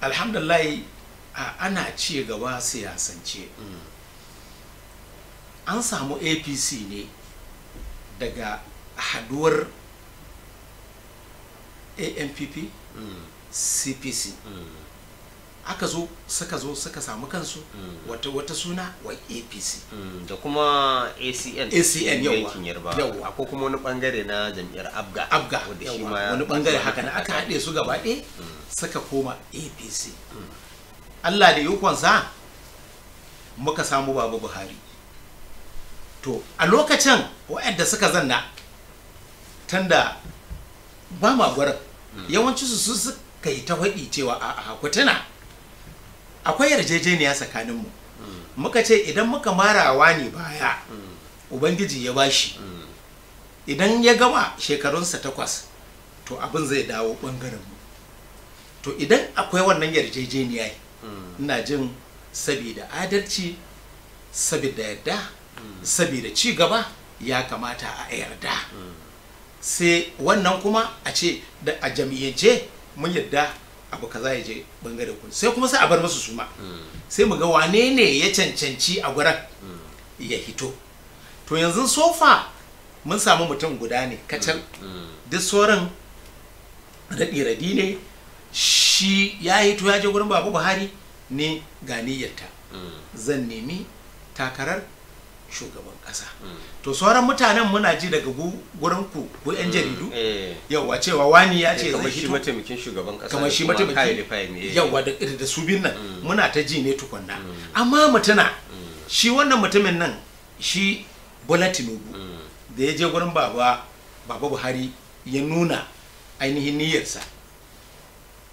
Speaker 4: alhamdulahi ana ci gaba siyasance mm. an samu apc ne daga haduwar ampp mm. cpc aka zo suka zo suka samu kansu mm. wata wata suna wai apc mm,
Speaker 3: da kuma acn acn yawa ko kuma wani bangare na jam'iyyar abga abga
Speaker 4: wani bangare haka na aka haɗe su gaba ɗe mm. suka koma apc allah da sa muka samu baba buhari to a lokacin waɗanda suka zanna tanda ba ma gwarar yawanci su suka yi ta faɗi cewa a hakutuna akwai yarjejeniya tsakanin mu muka ce idan muka marawa ne baya ubangiji ya bashi idan ya gama shekarunsa takwas to abin zai dawo mu to idan akwai wannan yarjejeniya ina jin sabida adalci sabida yarda sabida ci gaba ya kamata a yarda sai wannan kuma a ce da a jam'iyyance mun yarda abu kaza ya je bangare kun sai kuma sai a bar masu suma sai mu ga wane ne ya cancanci a gurin ya hito to yanzu sofa mun samu mutum guda ne kacal duk sauran raɗi-raɗi ne shi ya hito ya je gurin babu buhari ne ganiyarta zan nemi takarar shugaban kasa hmm. to sauran mutanen muna ji daga gurin ku ko yan hmm. jaridu
Speaker 3: eh. yawa cewa wani ya ce eh, zai shi mataimakin shugaban kasa kamar shi mataimakin eh. yawa
Speaker 4: da da su bin nan hmm. muna ta ji ne tukunna amma mutuna shi wannan mutumin nan shi Bola Tinubu da ya je gurin baba baba Buhari ya nuna ainihin niyyarsa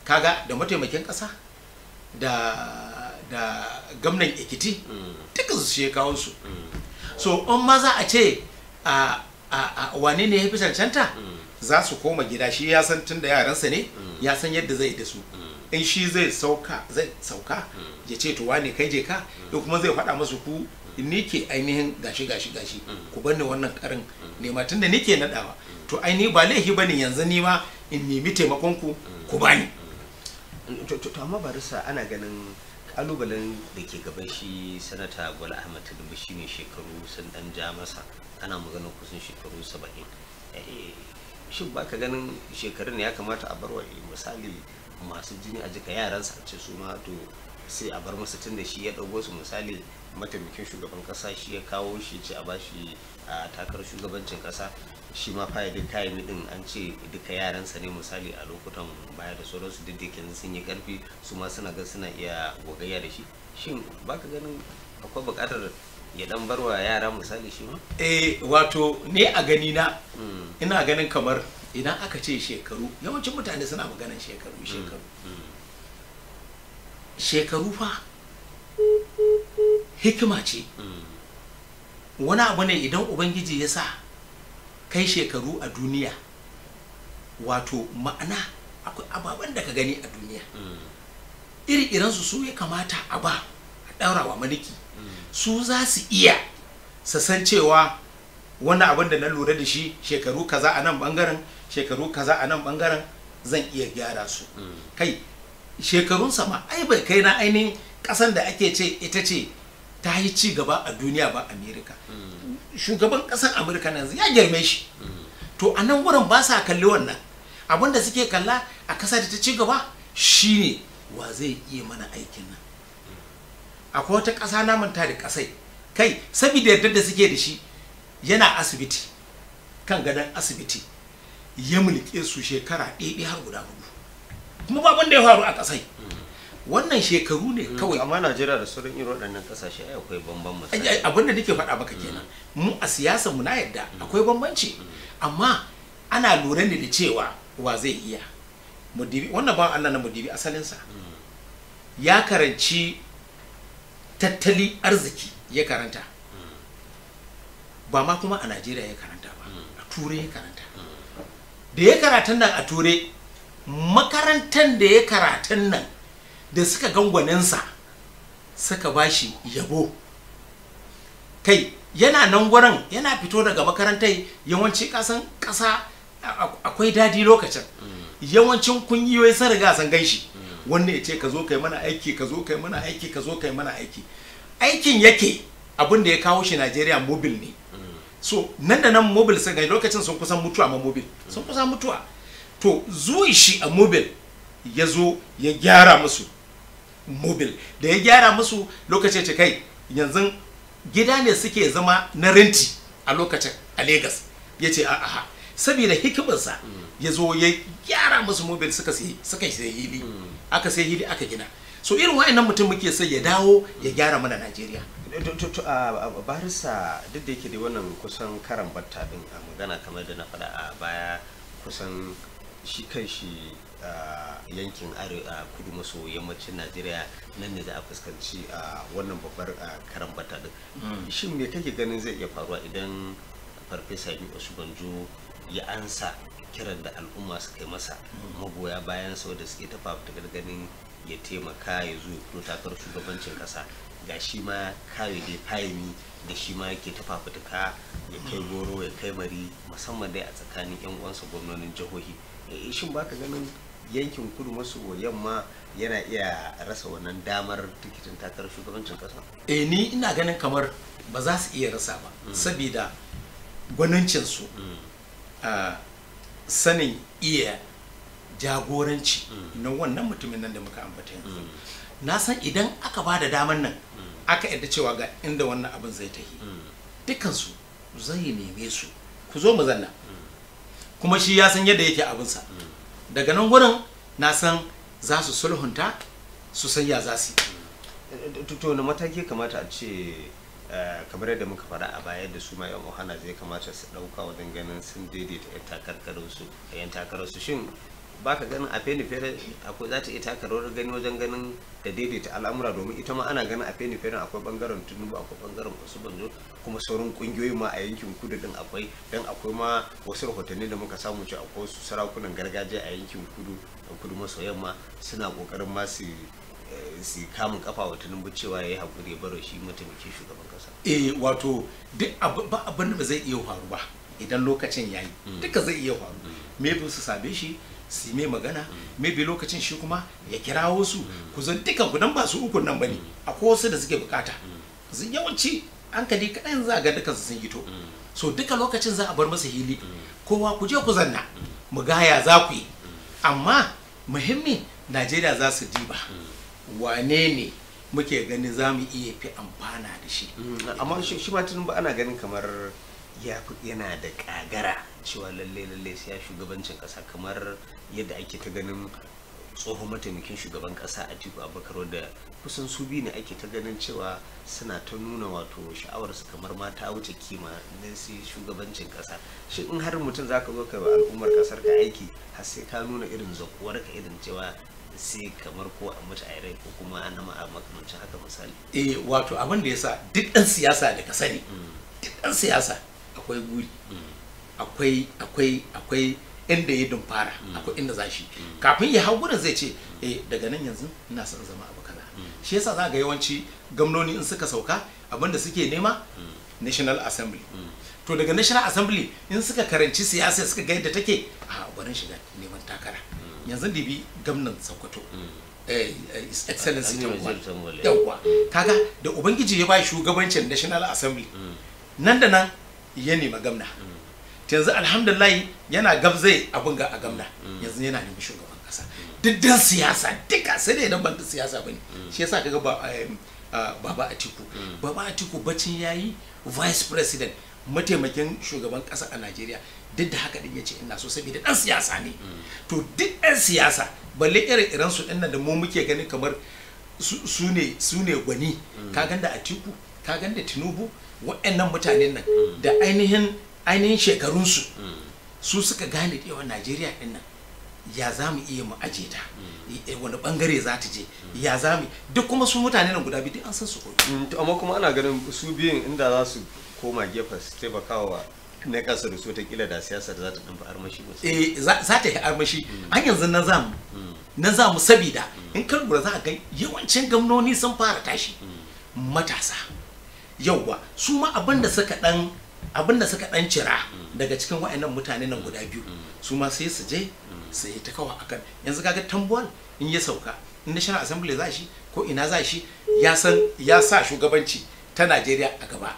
Speaker 4: kaga da mataimakin kasa da da gamnan ikiti mm. dukkan su shi kawo su so in ma za a ce a wane ne ya fi cancanta mm. za su koma gida shi ya san tun da yaransa ne mm. ya san yadda zai da su in shi zai sauka zai sauka ya ce to wane kai je ka ya kuma zai faɗa masu ku ni ke ainihin gashi gashi gashi ku banne wannan karin nema tun da ni ke naɗawa to aini ba laifi ba ne yanzu ni ma in nemi taimakon ku ku bani
Speaker 3: to amma barisa ana ganin kalubalen da ke gaban shi sanata gwal ahmad tinubu shine shekaru sun dan ja masa ana magana kusan shekaru saba'in eh, shin ba ka ganin shekarun ya kamata a barwa eh, misali masu jini a jika yaransa sa ce su ma to sai a bar masa tun da shi ya dago su misali mataimakin shugaban kasa shi ya kawo shi ce a bashi a takarar shugabancin kasa shi ma fayadin kayami din an ce duka yaransa ne misali a lokutan baya da sauransu duk da sun yi karfi su ma suna ga suna iya gogayya da shi shin baka ganin akwai buƙatar ya dan barwa yara misali shi ma eh wato ne a gani na
Speaker 1: hmm.
Speaker 4: ina ganin kamar idan aka ce shekaru yawancin mutane suna maganar shekaru hmm, shekaru hmm. shekaru fa hikima ce wani abu ne idan ubangiji ya sa kai shekaru a duniya wato ma'ana akwai ababen da ka gani a duniya iri irinsu su ya kamata a ba a ɗaura wa su za su iya sasan cewa wani abin da na lura da shi shekaru kaza a nan bangaren shekaru kaza a nan bangaren zan iya gyara su kai shekarun sama ai bai kai na ainihin kasan da ake ce ita ce ta yi ci gaba a duniya ba amerika shugaban ƙasar amurka ya girme shi to a nan wurin ba sa kalli wannan abin da suke kalla a ƙasa da ta ci gaba shi ne wa zai iya mana aikin nan akwai wata ƙasa na manta da ƙasai kai saboda yadda da suke da shi yana asibiti kan gadon asibiti ya mulke su shekara ɗaya har guda hudu
Speaker 3: kuma ba da ya faru a ƙasai wannan shekaru ne mm. kawai amma najeriya da sauran irin waɗannan ƙasashe akwai bambam bambanci abin da nake faɗa maka kenan
Speaker 4: mm. mu a siyasar mu na yadda mm. akwai bambanci amma ana lura ne da cewa wa zai iya mudibi wannan ba Allah na mudibi asalinsa ya karanci tattali arziki ya karanta ba ma kuma a najeriya ya karanta ba a ture ya karanta da ya karatan nan a ture makarantar da ya karatan nan da suka gangwaninsa suka ba shi yabo kai yana nan gurin yana fito daga makarantai yawanci kasan kasa akwai dadi lokacin mm. yawancin kungiyoyi sun riga sun ganshi mm. wannan ya ce ka zo kai mana aiki ka zo kai mana aiki ka zo kai mana aiki aikin yake abin da ya kawo shi Najeriya mobil ne mm. so nan da nan mobil sun gani lokacin sun kusan mutuwa ma mobil sun kusan mutuwa to zuwa shi a mobil ya zo ya gyara musu mobil da ya gyara musu lokacin ce kai yanzu gida ne suke zama na renti a lokacin a lagos yace ce a'a saboda hikimarsa ya zo ya gyara musu mobil suka sai suka sai hili hmm. aka sai hili aka gina so irin
Speaker 3: wa'annan mutum muke sai ya dawo ya gyara mana Najeriya barisa duk da yake da wannan kusan karan batta din a magana kamar da na faɗa a baya kusan shi kan shi yankin arewa kudu maso yammacin najeriya nan ne za a fuskanci wannan babbar karambata din hmm. shin me kake ganin zai iya faruwa idan farfesa yi banjo ya ansa kiran da al'umma su kai masa hmm. magoya bayan sau da suke tafa ganin ya taimaka ya zo ya shugabancin kasa ga shi ma kawai dai fayimi da shi ma yake ta ka ya kai hmm. goro ya kai mari musamman dai a tsakanin yan uwansa gwamnonin jihohi eh, shin baka ganin yankin kudu maso yamma yana iya rasa wannan damar tikitin takarar shugabancin kasa eh ni ina ganin kamar ba za su iya rasa ba
Speaker 4: mm. saboda gwanancinsu mm. a sanin iya jagoranci mm. na wannan mutumin nan da muka ambata yanzu na san idan aka ba da daman nan aka yadda cewa ga inda wannan abin zai tafi dukansu zai neme su ku zo mu zanna kuma shi ya san yadda yake abinsa
Speaker 3: daga nan gurin na san za su sulhunta su san ya za su tuto eh, na mataki kamata a ce eh, kamar yadda muka fara a baya da su mai ohana zai kamata su ɗauka wajen ganin sun daidaita 'yan 'yan takararsu shin ba ka ganin a fere akwai za ta iya taka rawar gani wajen ganin da daidaita al'amura domin ita ma ana ganin a fere akwai bangaren tunubu akwai bangaren wasu banjo kuma sauran kungiyoyi ma a yankin kudu din akwai dan akwai ma wasu rahotanni da muka samu cewa akwai wasu sarakunan gargajiya a yankin kudu a kudu maso yamma suna kokarin ma su eh, su kamun kafa wa tunubu cewa ya yi hakuri baro shi mataimakin shugaban kasa
Speaker 4: eh wato duk ba abin da ba zai iya faru ba idan lokacin yayi hmm. duka zai iya faru hmm. me su same shi su mai magana bi lokacin shi kuma ya kira wasu, ku zan dukan ku ba su ukun nan bane akwai wasu da suke bukata zan yawanci an hankali kaɗan za ga dukan su sun hito so duka lokacin za a bar masa hili kowa ku je ku zanna mu gaya za ku yi amma muhimmin najeriya za su diba wane ne muke gani za
Speaker 3: mu iya fi amfana da shi mm, amma shi ma tunan ba ana ganin kamar yana da kagara cewa lalle lalle sai shugabancin kasa kamar yadda ake ta ganin tsohon mataimakin shugaban kasa a a abubakar da kusan su biyu ne ake ta ganin cewa suna ta nuna wato sha'awarsu kamar mata wuce kima na sai shugabancin kasa shi in har mutum zaka zo ka al'ummar kasar ka aiki har sai ka nuna irin zakuwar ka irin cewa sai kamar ko a mutu a rai ko kuma an nama a makamancin haka misali
Speaker 4: eh wato abin da yasa duk ɗan siyasa da ka sani mm. duk ɗan siyasa akwai guri mm. akwai akwai akwai inda ya dumfara mm. akwai inda za mm. kafin ya hau gurin zai ce eh daga nan yanzu ina son zama abu kaza mm. shi yasa za ga yawanci gamnoni in suka sauka abinda suke nema national assembly to daga national assembly in suka karanci siyasa suka ga yadda take a ah, barin shiga neman takara yanzu da bi gamnan sokoto eh, eh, his excellency eh. yawwa kaga da ubangiji ya ba shugabancin national assembly nan da nan ya nema gamna. yanzu alhamdulillah yana zai abin ga a gamna yanzu yana neman shugaban kasa duk siyasa duka sai dai ban da siyasa bane shi yasa kaga ba eh, baba atiku baba atiku bacin yayi vice president mataimakin shugaban kasa a Najeriya duk da haka din yace ina so saboda dan siyasa ne to duk dan siyasa balle irin irin su dinnan da mu muke gani kamar su ne su ne gwani ka ganda atiku ka ganda tinubu waɗannan mutanen nan da ainihin ainihin shekarunsu hmm. su suka gane yawan najeriya din nan ya za mu iya mu aje ta hmm. eh, wani bangare za ta je hmm. ya za mu duk kuma su mutane nan guda biyu an san su
Speaker 3: to amma kuma ana ganin su biyun inda za su koma gefa su taimakawa na kasa da su ta kila da siyasa za ta dan armashi eh za
Speaker 4: ta yi armashi an yanzu na za mu na za mu sabida in kan lura za ka ga yawancin gamnoni sun fara tashi matasa yauwa su ma abin da suka dan abin da suka dan cira daga cikin wa'annan mutane nan guda biyu su ma sai su je su yi ta kawa akan yanzu kaga tambuwal in ya sauka in national assembly za shi ko ina za shi ya san ya sa shugabanci ta Najeriya a gaba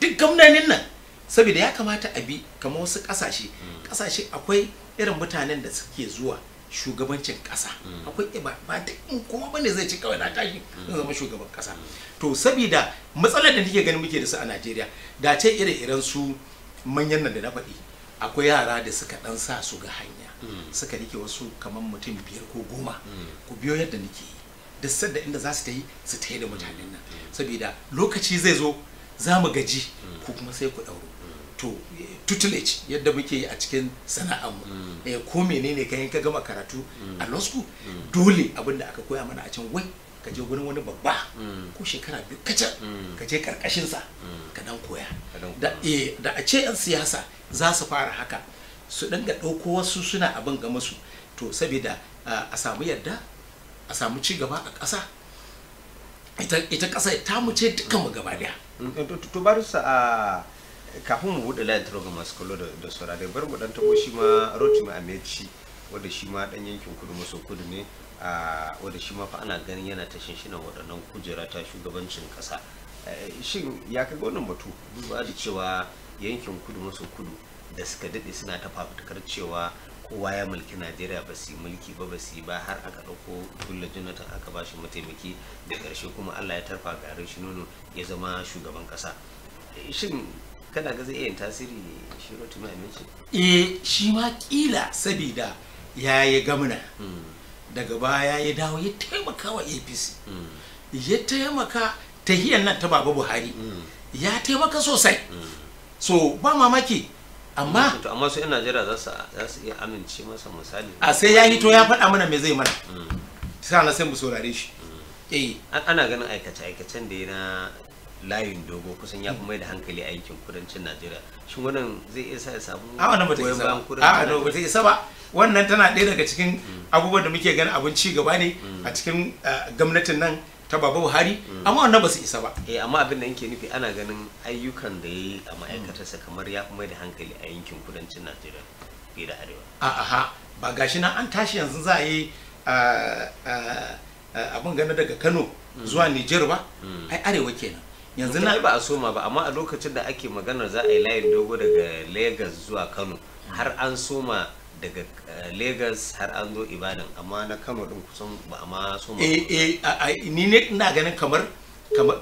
Speaker 4: duk gwamnanin nan saboda ya kamata a bi kamar wasu kasashe kasashe akwai irin mutanen da suke zuwa shugabancin kasa akwai ba ba kuma bane zai ci kawai na tashi zama shugaban kasa to saboda matsalar da nake ganin muke da su a Najeriya da ce ire-iren su manyan nan da na faɗi akwai yara da suka dan sa su ga hanya mm. suka rike wasu kamar mutum biyar ko goma mm. ku biyo yadda nake yi da sadda inda za su ta yi su ta yi da mutanen nan mm. saboda lokaci zai zo za mu gaji ko kuma sai ku ɗauro to tutelage yadda muke yi a cikin sana'armu eh, ko menene kayan ka gama karatu
Speaker 1: a law school dole
Speaker 4: abin da aka koya mana a can wai ka je gurin wani babba mm. ko shekara biyu kacal mm. ka je karkashinsa mm. ka dan koya eh, da a ce 'yan siyasa za su fara haka su dinga ɗauko wasu suna abin ga masu to saboda ah, a samu yarda a samu ci gaba a ƙasa
Speaker 3: ita ƙasa ta mu ce dukkan mu gaba daya to bari sa a ah, kafin mu buɗe layin taroga masu kallo da saurare bar mu dan tabo shi ma rotimi ameci wanda shi ma dan yankin kudu maso kudu ne wadda shi mafi ana ganin yana ta shinshinan waɗannan kujera ta shugabancin ƙasa eh, shin ya kaga wannan batu duba da cewa yankin kudu maso kudu da suka daɗe suna ta fafutukar cewa kowa ya mulki najeriya ba su mulki ba ba su ba har aka ɗauko gulla jonathan aka ba shi mataimaki da ƙarshe kuma allah ya tarfa garin shi nono ya zama shugaban ƙasa eh, shin kana ga zai iya tasiri shi rotimi aminci
Speaker 4: eh shi ma kila sabida ya yi gamna hmm. daga baya ya dawo ya taimaka wa apc mm. ya taimaka hiyan nan ta baba buhari mm. ya taimaka sosai mm. so ba mamaki amma
Speaker 3: to amma su yan najeriya za su iya amince masa misali a sai ya hito ya faɗa
Speaker 4: mana me zai mana na sai mu saurare
Speaker 3: shi eh ana ganin aikace aikacen da na layin dogo kusan ya kuma da hankali a yankin kudancin najeriya shin wannan zai iya sa ya samu a wannan bata isa ba a no bata isa ba
Speaker 4: wannan tana ɗaya daga cikin mm. abubuwan da muke ganin abin ci gaba ne mm. a cikin gwamnatin nan ta baba buhari mm. amma wannan ba su
Speaker 3: isa ba eh amma abin da yake nufi ana ganin ayyukan da ya yi a ma'aikatarsa kamar ya kuma da hankali a yankin kudancin najeriya fiye da arewa
Speaker 4: a'a ba gashi nan an tashi yanzu za a yi abin gane daga
Speaker 3: kano zuwa niger ba ai arewa kenan yanzu na ba a soma ba amma a lokacin da ake magana za a yi layin dogo daga lagos zuwa kano har an soma daga eh, lagos har an zo ibadan amma na kano din kusan ba a ma soma eh, eh
Speaker 4: ni ne ina ganin kamar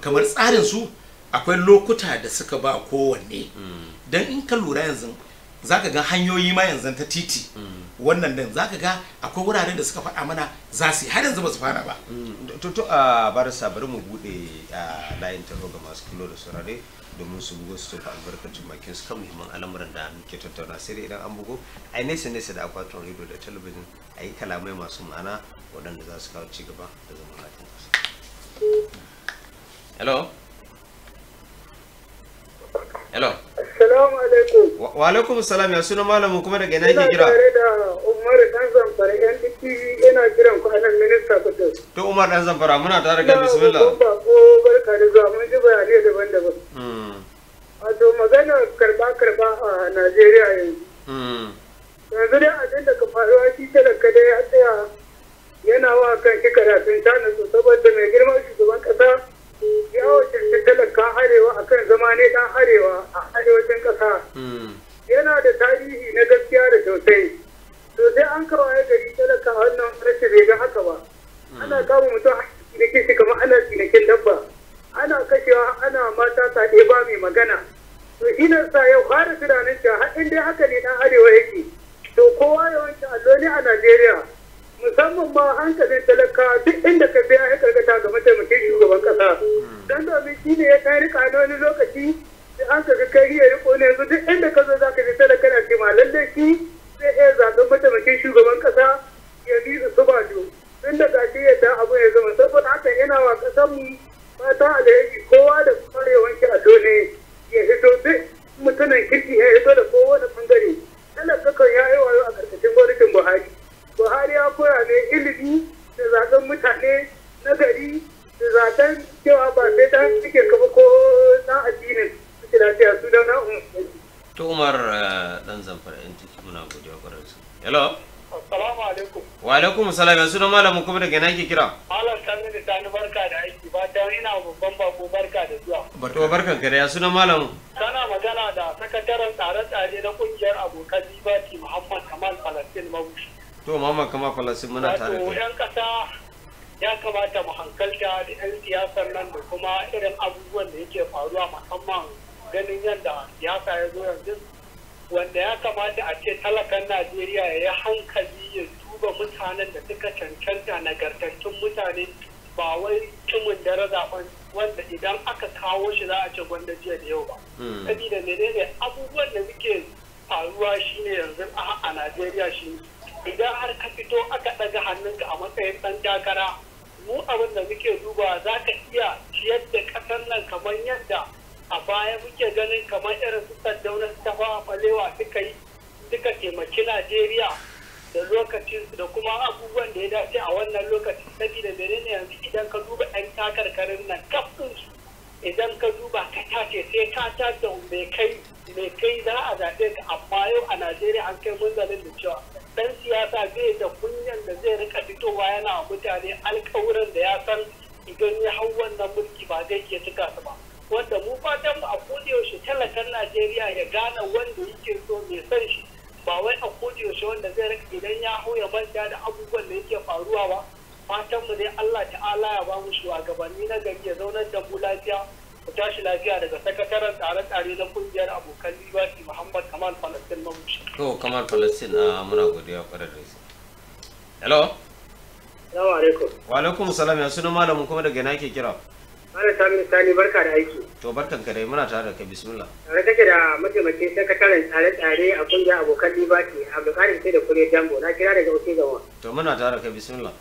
Speaker 4: kamar tsarin su akwai lokuta da suka ba kowanne hmm. don in ka lura yanzu zaka ga hanyoyi ma yanzu ta titi hmm. wannan din ka ga akwai wuraren da suka faɗa mana za su yi har yanzu ba su fara ba mm, Tutu
Speaker 3: a bar bari mu bude layin taro ga masu kilo da saurare domin su bugo su tofa albarkacin bakin su kan muhimman al'amuran da muke tattauna sai dai idan an bugo a nesa nesa da akwatin rido da talabijin a yi kalamai masu ma'ana waɗanda za su kawo cigaba da zaman lafiya hello
Speaker 6: assalamu alaikum
Speaker 3: wa alaikum assalam ya suna malamin kuma daga ina ke kira tare
Speaker 6: da umar dan zamfara yan tv yana kiran ku anan minista kudus
Speaker 3: to umar dan zamfara muna
Speaker 1: tare da bismillah ba
Speaker 6: ko barka da zuwa mun ji bayani daban-daban hmm. wato magana karba karba a najeriya yanzu hmm. yanzu dai abin da ka faruwa da talaka dai ya tsaya yana wa kan rafin tana so saboda mai girma shugaban kasa yawo cikin talaka arewa akan zama ne dan arewa a arewacin ƙasa hmm. yana da tarihi
Speaker 3: daga ina ke kira
Speaker 5: malam sanu da sani barka da aiki ba ta na babban bako barka da zuwa
Speaker 3: to barkan ka da ya suna malam
Speaker 5: kana magana da sakataren tsare-tsare na kungiyar abokan liberty muhammad kamal falastin mabushi
Speaker 3: to muhammad kamal falastin muna tare da kai yan
Speaker 5: kasa ya kamata mu hankalta da yan siyasar nan da kuma irin abubuwan da yake faruwa musamman ganin yadda siyasa ya zo yanzu a najeriya shi idan har ka fito aka ɗaga hannunka a matsayin ɗan takara mu abin da muke duba za ka iya ciyar da ƙasar nan kamar yadda a baya muke ganin kamar irin su sandaunar ta falewa suka yi suka taimaki najeriya da lokacin da kuma abubuwan da ya dace a wannan lokacin sabida menene yanzu idan ka duba 'yan takarkarin nan kafin su idan ka duba ka tace sai ka tace mai kai mai kai za a zaɓe ka amma yau a najeriya an kai munzalin da cewa dan siyasa zai da kunyan da zai rika fitowa yana mutane alkawuran da ya san idan ya hau wannan mulki ba zai ke cika su ba wanda mu fatan mu a yaushe talakan najeriya ya gane wanda yake so mai san shi ba wai a yaushe wanda zai rika idan ya hau ya manta da abubuwan da yake faruwa ba fatan mu dai Allah ta'ala ya ba mu shugabanni na gari ya zaunar da mu lafiya ku tashi lafiya daga sakataren tsare-tsare na kungiyar abokan liberty muhammad kamal falastin na mushi
Speaker 3: to kamal falastin a ah, muna godiya kwarar da su hello salamu alaikum wa alaikum salam ya suna malamin kuma daga na ke kira
Speaker 6: ana samun sani
Speaker 5: barka da aiki
Speaker 3: to barkan ka dai muna tare da kai bismillah
Speaker 6: tare kake da mataimakin sakataren tsare-tsare a kungiyar abokan liberty Abdulkarim sai da kure jambo na kira daga oke gawa
Speaker 3: to muna tare da kai bismillah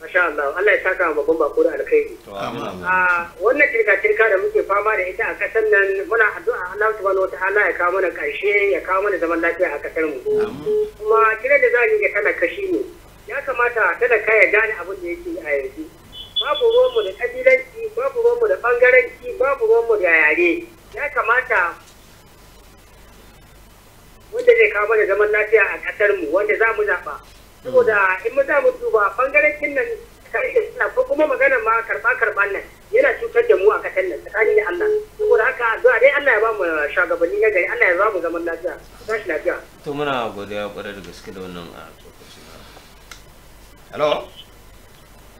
Speaker 6: Masha Allah, Allah ya saka babban bako da alkhairi. A ah, wannan kirka-kirka da muke fama da ita a ƙasar nan muna addu'a Allah subhanahu wataala ya kawo mana ƙarshe ya kawo mana zaman lafiya a ƙasar mu. Kuma kira da za a yi talaka kashi ne. Ya kamata talaka ya gane abin da yake a yanzu. Babu ruwanmu da ƙabilanci, babu ruwanmu da ɓangaranci, babu ruwanmu da yare. Ya kamata wanda zai kawo mana zaman lafiya a ƙasar mu wanda za mu zaɓa. saboda in mu mu duba bangarancin nan karshe suna ko kuma magana ma karba karba nan yana cutar da mu a kasar nan tsakanin da Allah saboda haka zuwa dai Allah ya ba mu shugabanni na gari Allah ya ba mu zaman lafiya tashi lafiya
Speaker 3: to muna godiya kwarai da gaske da wannan a ah, lokacin hello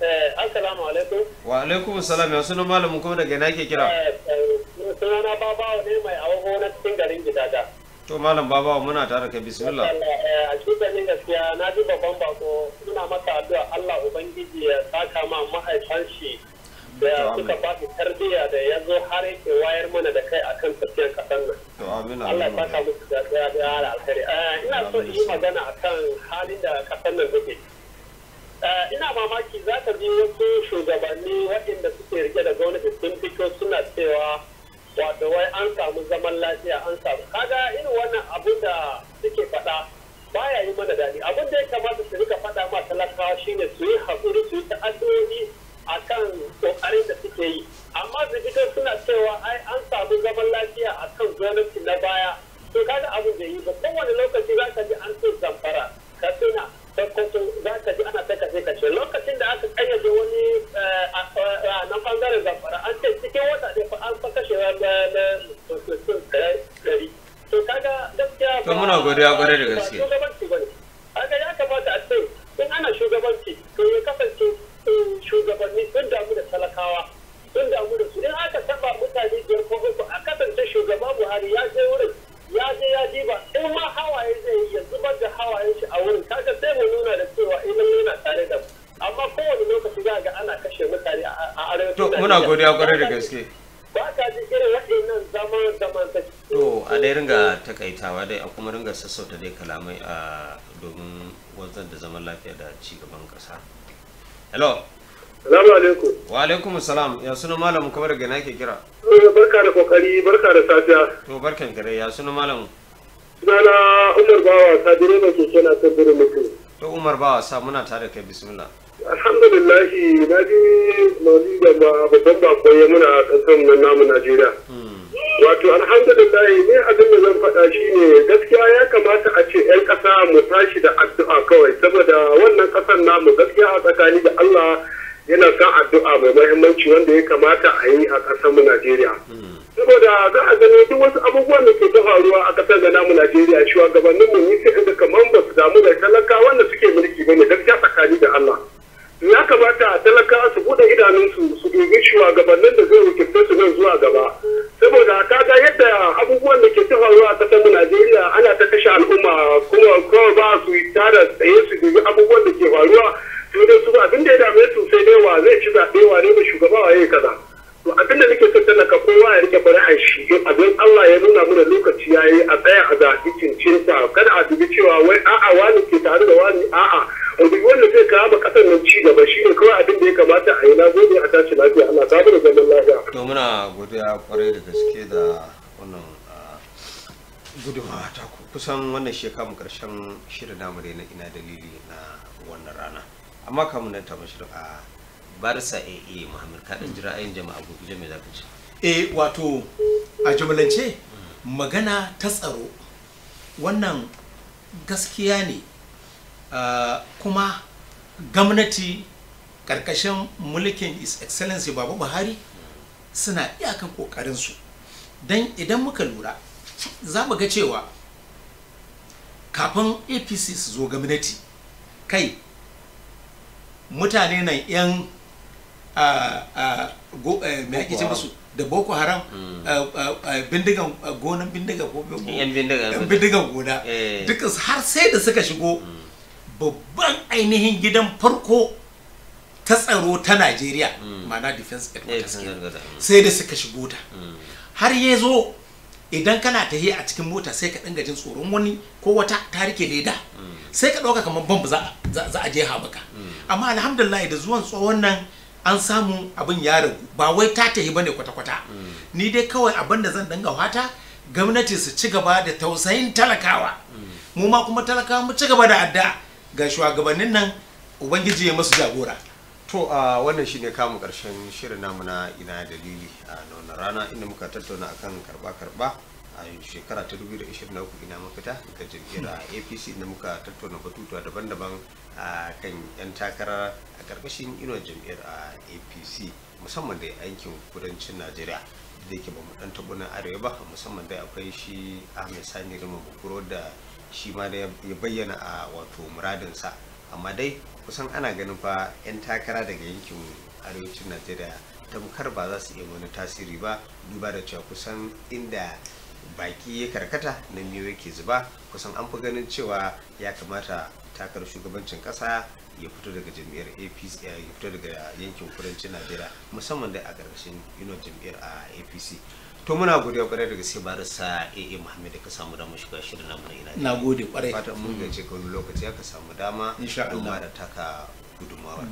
Speaker 5: eh assalamu alaikum
Speaker 3: wa alaikum assalam ya sunan malamin kuma daga ina ke kira eh,
Speaker 5: eh, sunana babawa ne mai awo na cikin garin gidaja
Speaker 3: to malam baba muna tare ka bismillah eh,
Speaker 5: eh, a cikin gaskiya na ji babban bako muna masa addu'a Allah ubangiji ya saka ma mahaifan shi da suka ba tarbiyya da ya zo har yake wayar mana da kai akan tafiyar kasar nan. Allah ya saka muku da tsaya da alheri. Eh, ina so yi magana akan halin da kasar nan take. Ina mamaki za ta bi wasu shugabanni waɗanda suke rike da gwamnati sun fito suna cewa wato wai an samu zaman lafiya an samu kaga irin wannan abun da suke faɗa baya yi mana daɗi abin da ya kamata su rika faɗa ma talakawa shine su yi haƙuri su yi ta'addoji a kan ƙoƙarin da suke yi amma su fito suna cewa ai an samu zaman lafiya akan gwamnati na baya to kaga abin da yi ba kowane lokaci za ka ji an ce zamfara katsina sokoto za ka ji ana saka sai kashe lokacin da aka kayyade wani a nan bangaren zamfara an ce cikin wata ne an fa kashe gari to kaga gaskiya to muna godiya kwarai da gaske kaga ya kamata a ce in ana shugabanci to ya kasance shugabanni sun damu da talakawa sun damu da su in aka taba mutane biyar ko uku a kasance shugaban buhari ya je wurin ya je ya diba in ma hawaye zai yi yanzu zubar da hawaye shi a wurin kaga sai mu muna godiya kwarai da gaske ba ka ji irin waɗannan zaman zamantakewa to
Speaker 3: a dai ringa takaitawa dai a kuma ringa sassauta dai kalamai a domin wanzar da zaman lafiya da ci gaban ƙasa hello Salamu alaikum. Wa alaikum salam. Ya suna malam kuma daga na ke kira. Eh,
Speaker 5: barka da kokari, barka da safiya. To barkan
Speaker 3: gare ya suna malam.
Speaker 5: Sunana Umar Bawa, ta direban keke na sabbin birnin mutum.
Speaker 3: To Umar Bawa, sa muna tare kai bismillah.
Speaker 5: alhamdulillahi na ji mazi da babban bakon ya muna a ƙasar nan namu najeriya hmm. wato alhamdulillahi ne abin da zan faɗa shi ne gaskiya ya kamata a ce 'yan ƙasa mu tashi da addu'a kawai saboda wannan ƙasan namu gaskiya a tsakani da allah yana son addu'a mai mahimmanci wanda ya kamata a yi a ƙasar mu najeriya hmm. saboda za a gani duk wasu abubuwan da ke ta faruwa a ƙasar da namu Najeriya shugabannin mu ni sai inda kamar ba su damu da talaka wanda suke mulki ba bane gaskiya tsakani da Allah. ya kamata a talaka su bude idanunsu su dubi shugabannin da zai wakilta su nan zuwa gaba saboda ka ga yadda abubuwan da ke ta faruwa a kasar Najeriya ana ta kashe al'umma kuma kawai ba su yi tara tsaye su dubi abubuwan da ke faruwa to da su abin da ya dame su sai dai zai ci zaɓe wa ne ba shugaba wa yi kaza to abinda nake so ka kowa ya rike bari shi abin Allah ya nuna mana lokaci yayi a tsaya a zaɓi cincinta kada a dubi cewa wai a'a wani ke tare da wani a'a a wanda zai kawo ma ƙasar nan ci gaba shi ne kawai abin da ya kamata a yi na zo a tashi lafiya Allah ta bada zaman lafiya.
Speaker 3: to muna godiya kwarai da gaske da wannan gudunmawa ta kusan wannan shekaru karshen shirin namu na ina dalili na wannan rana amma kamun nan ta a barsa AA Muhammad kaɗan jira ayin jama'a gobe jami'a zaka ce
Speaker 4: eh wato a jumlance magana ta tsaro wannan gaskiya ne kuma gwamnati karkashin mulkin is excellency baba buhari suna iyakan kokarinsu don idan muka lura za mu ga cewa kafin apc su zo gwamnati kai mutane nan 'yan Eh, mai ake ce musu da boko haram mm. eh, eh, bindigan gonan bindiga ko
Speaker 3: bindigan gona
Speaker 4: dukkan har sai da suka shigo mm. babban ainihin gidan farko ta tsaro ta najeriya mana mm.
Speaker 3: defense headquarters sai da suka
Speaker 4: shigo ta har ya zo idan kana tahiya a cikin mota sai ka dinga jin tsoron wani ko wata ta rike leda sai ka ɗauka kamar bomb za a je haɓaka amma alhamdulillah da zuwan tsohon nan an samu abin ya ragu ba wai ta tahi bane kwata-kwata mm. ni dai kawai abin da zan danga wata gwamnati su ci gaba da tausayin talakawa mm. mu ma kuma talakawa mu ci gaba da adda ga
Speaker 3: shugabannin nan ubangiji ya masu jagora to a wannan shine kamu karshen shirin namu na ina dalili a nuna rana inda muka tattauna akan karba-karba a shekara ta 2023 ina mafita ga jirgin hmm. apc inda muka tattauna batutuwa daban-daban a kan 'yan takarar karkashin inuwar jam'iyyar a apc musamman da yankin kudancin najeriya da ke ba mu dan tabo na arewa ba musamman da akwai shi ahmed sani rima bukuro da shi ma da ya bayyana a wato muradinsa amma dai kusan ana ganin fa 'yan takara daga yankin arewacin najeriya tamkar ba za su iya wani tasiri ba duba da cewa kusan inda baki ya karkata na miyo yake zuba kusan an fi ganin cewa ya kamata takar shugabancin kasa ya fito daga jam'iyyar apc ya fito daga yankin kudancin najeriya musamman da a ƙarƙashin ino jam'iyyar a apc to muna godiya kwarai da gaske barista AA Muhammad ka samu dama shiga shirin namu na ina na gode kwarai fata mun gace ka wani lokaci ya ka samu dama insha Allah da taka gudumawa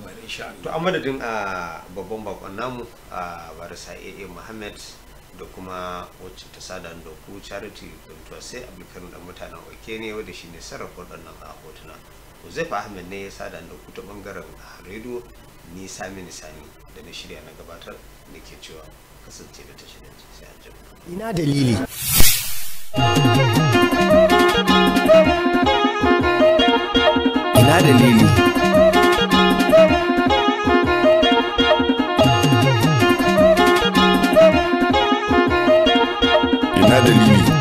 Speaker 3: to a madadin a ah, babban bakon namu ah, a barista AA Muhammad da kuma wacce ta sada da ku charity kuntuwa sai abdulkarim da mutanen oke ne wanda shine sarrafa waɗannan a hotuna uzaifa ahmed ne ya sada da ku ta bangaren rediyo ni sami ni da na shirya na gabatar
Speaker 1: da ke cewa kasance da ta shirya sai an jima ina dalili ina
Speaker 2: dalili a des limites.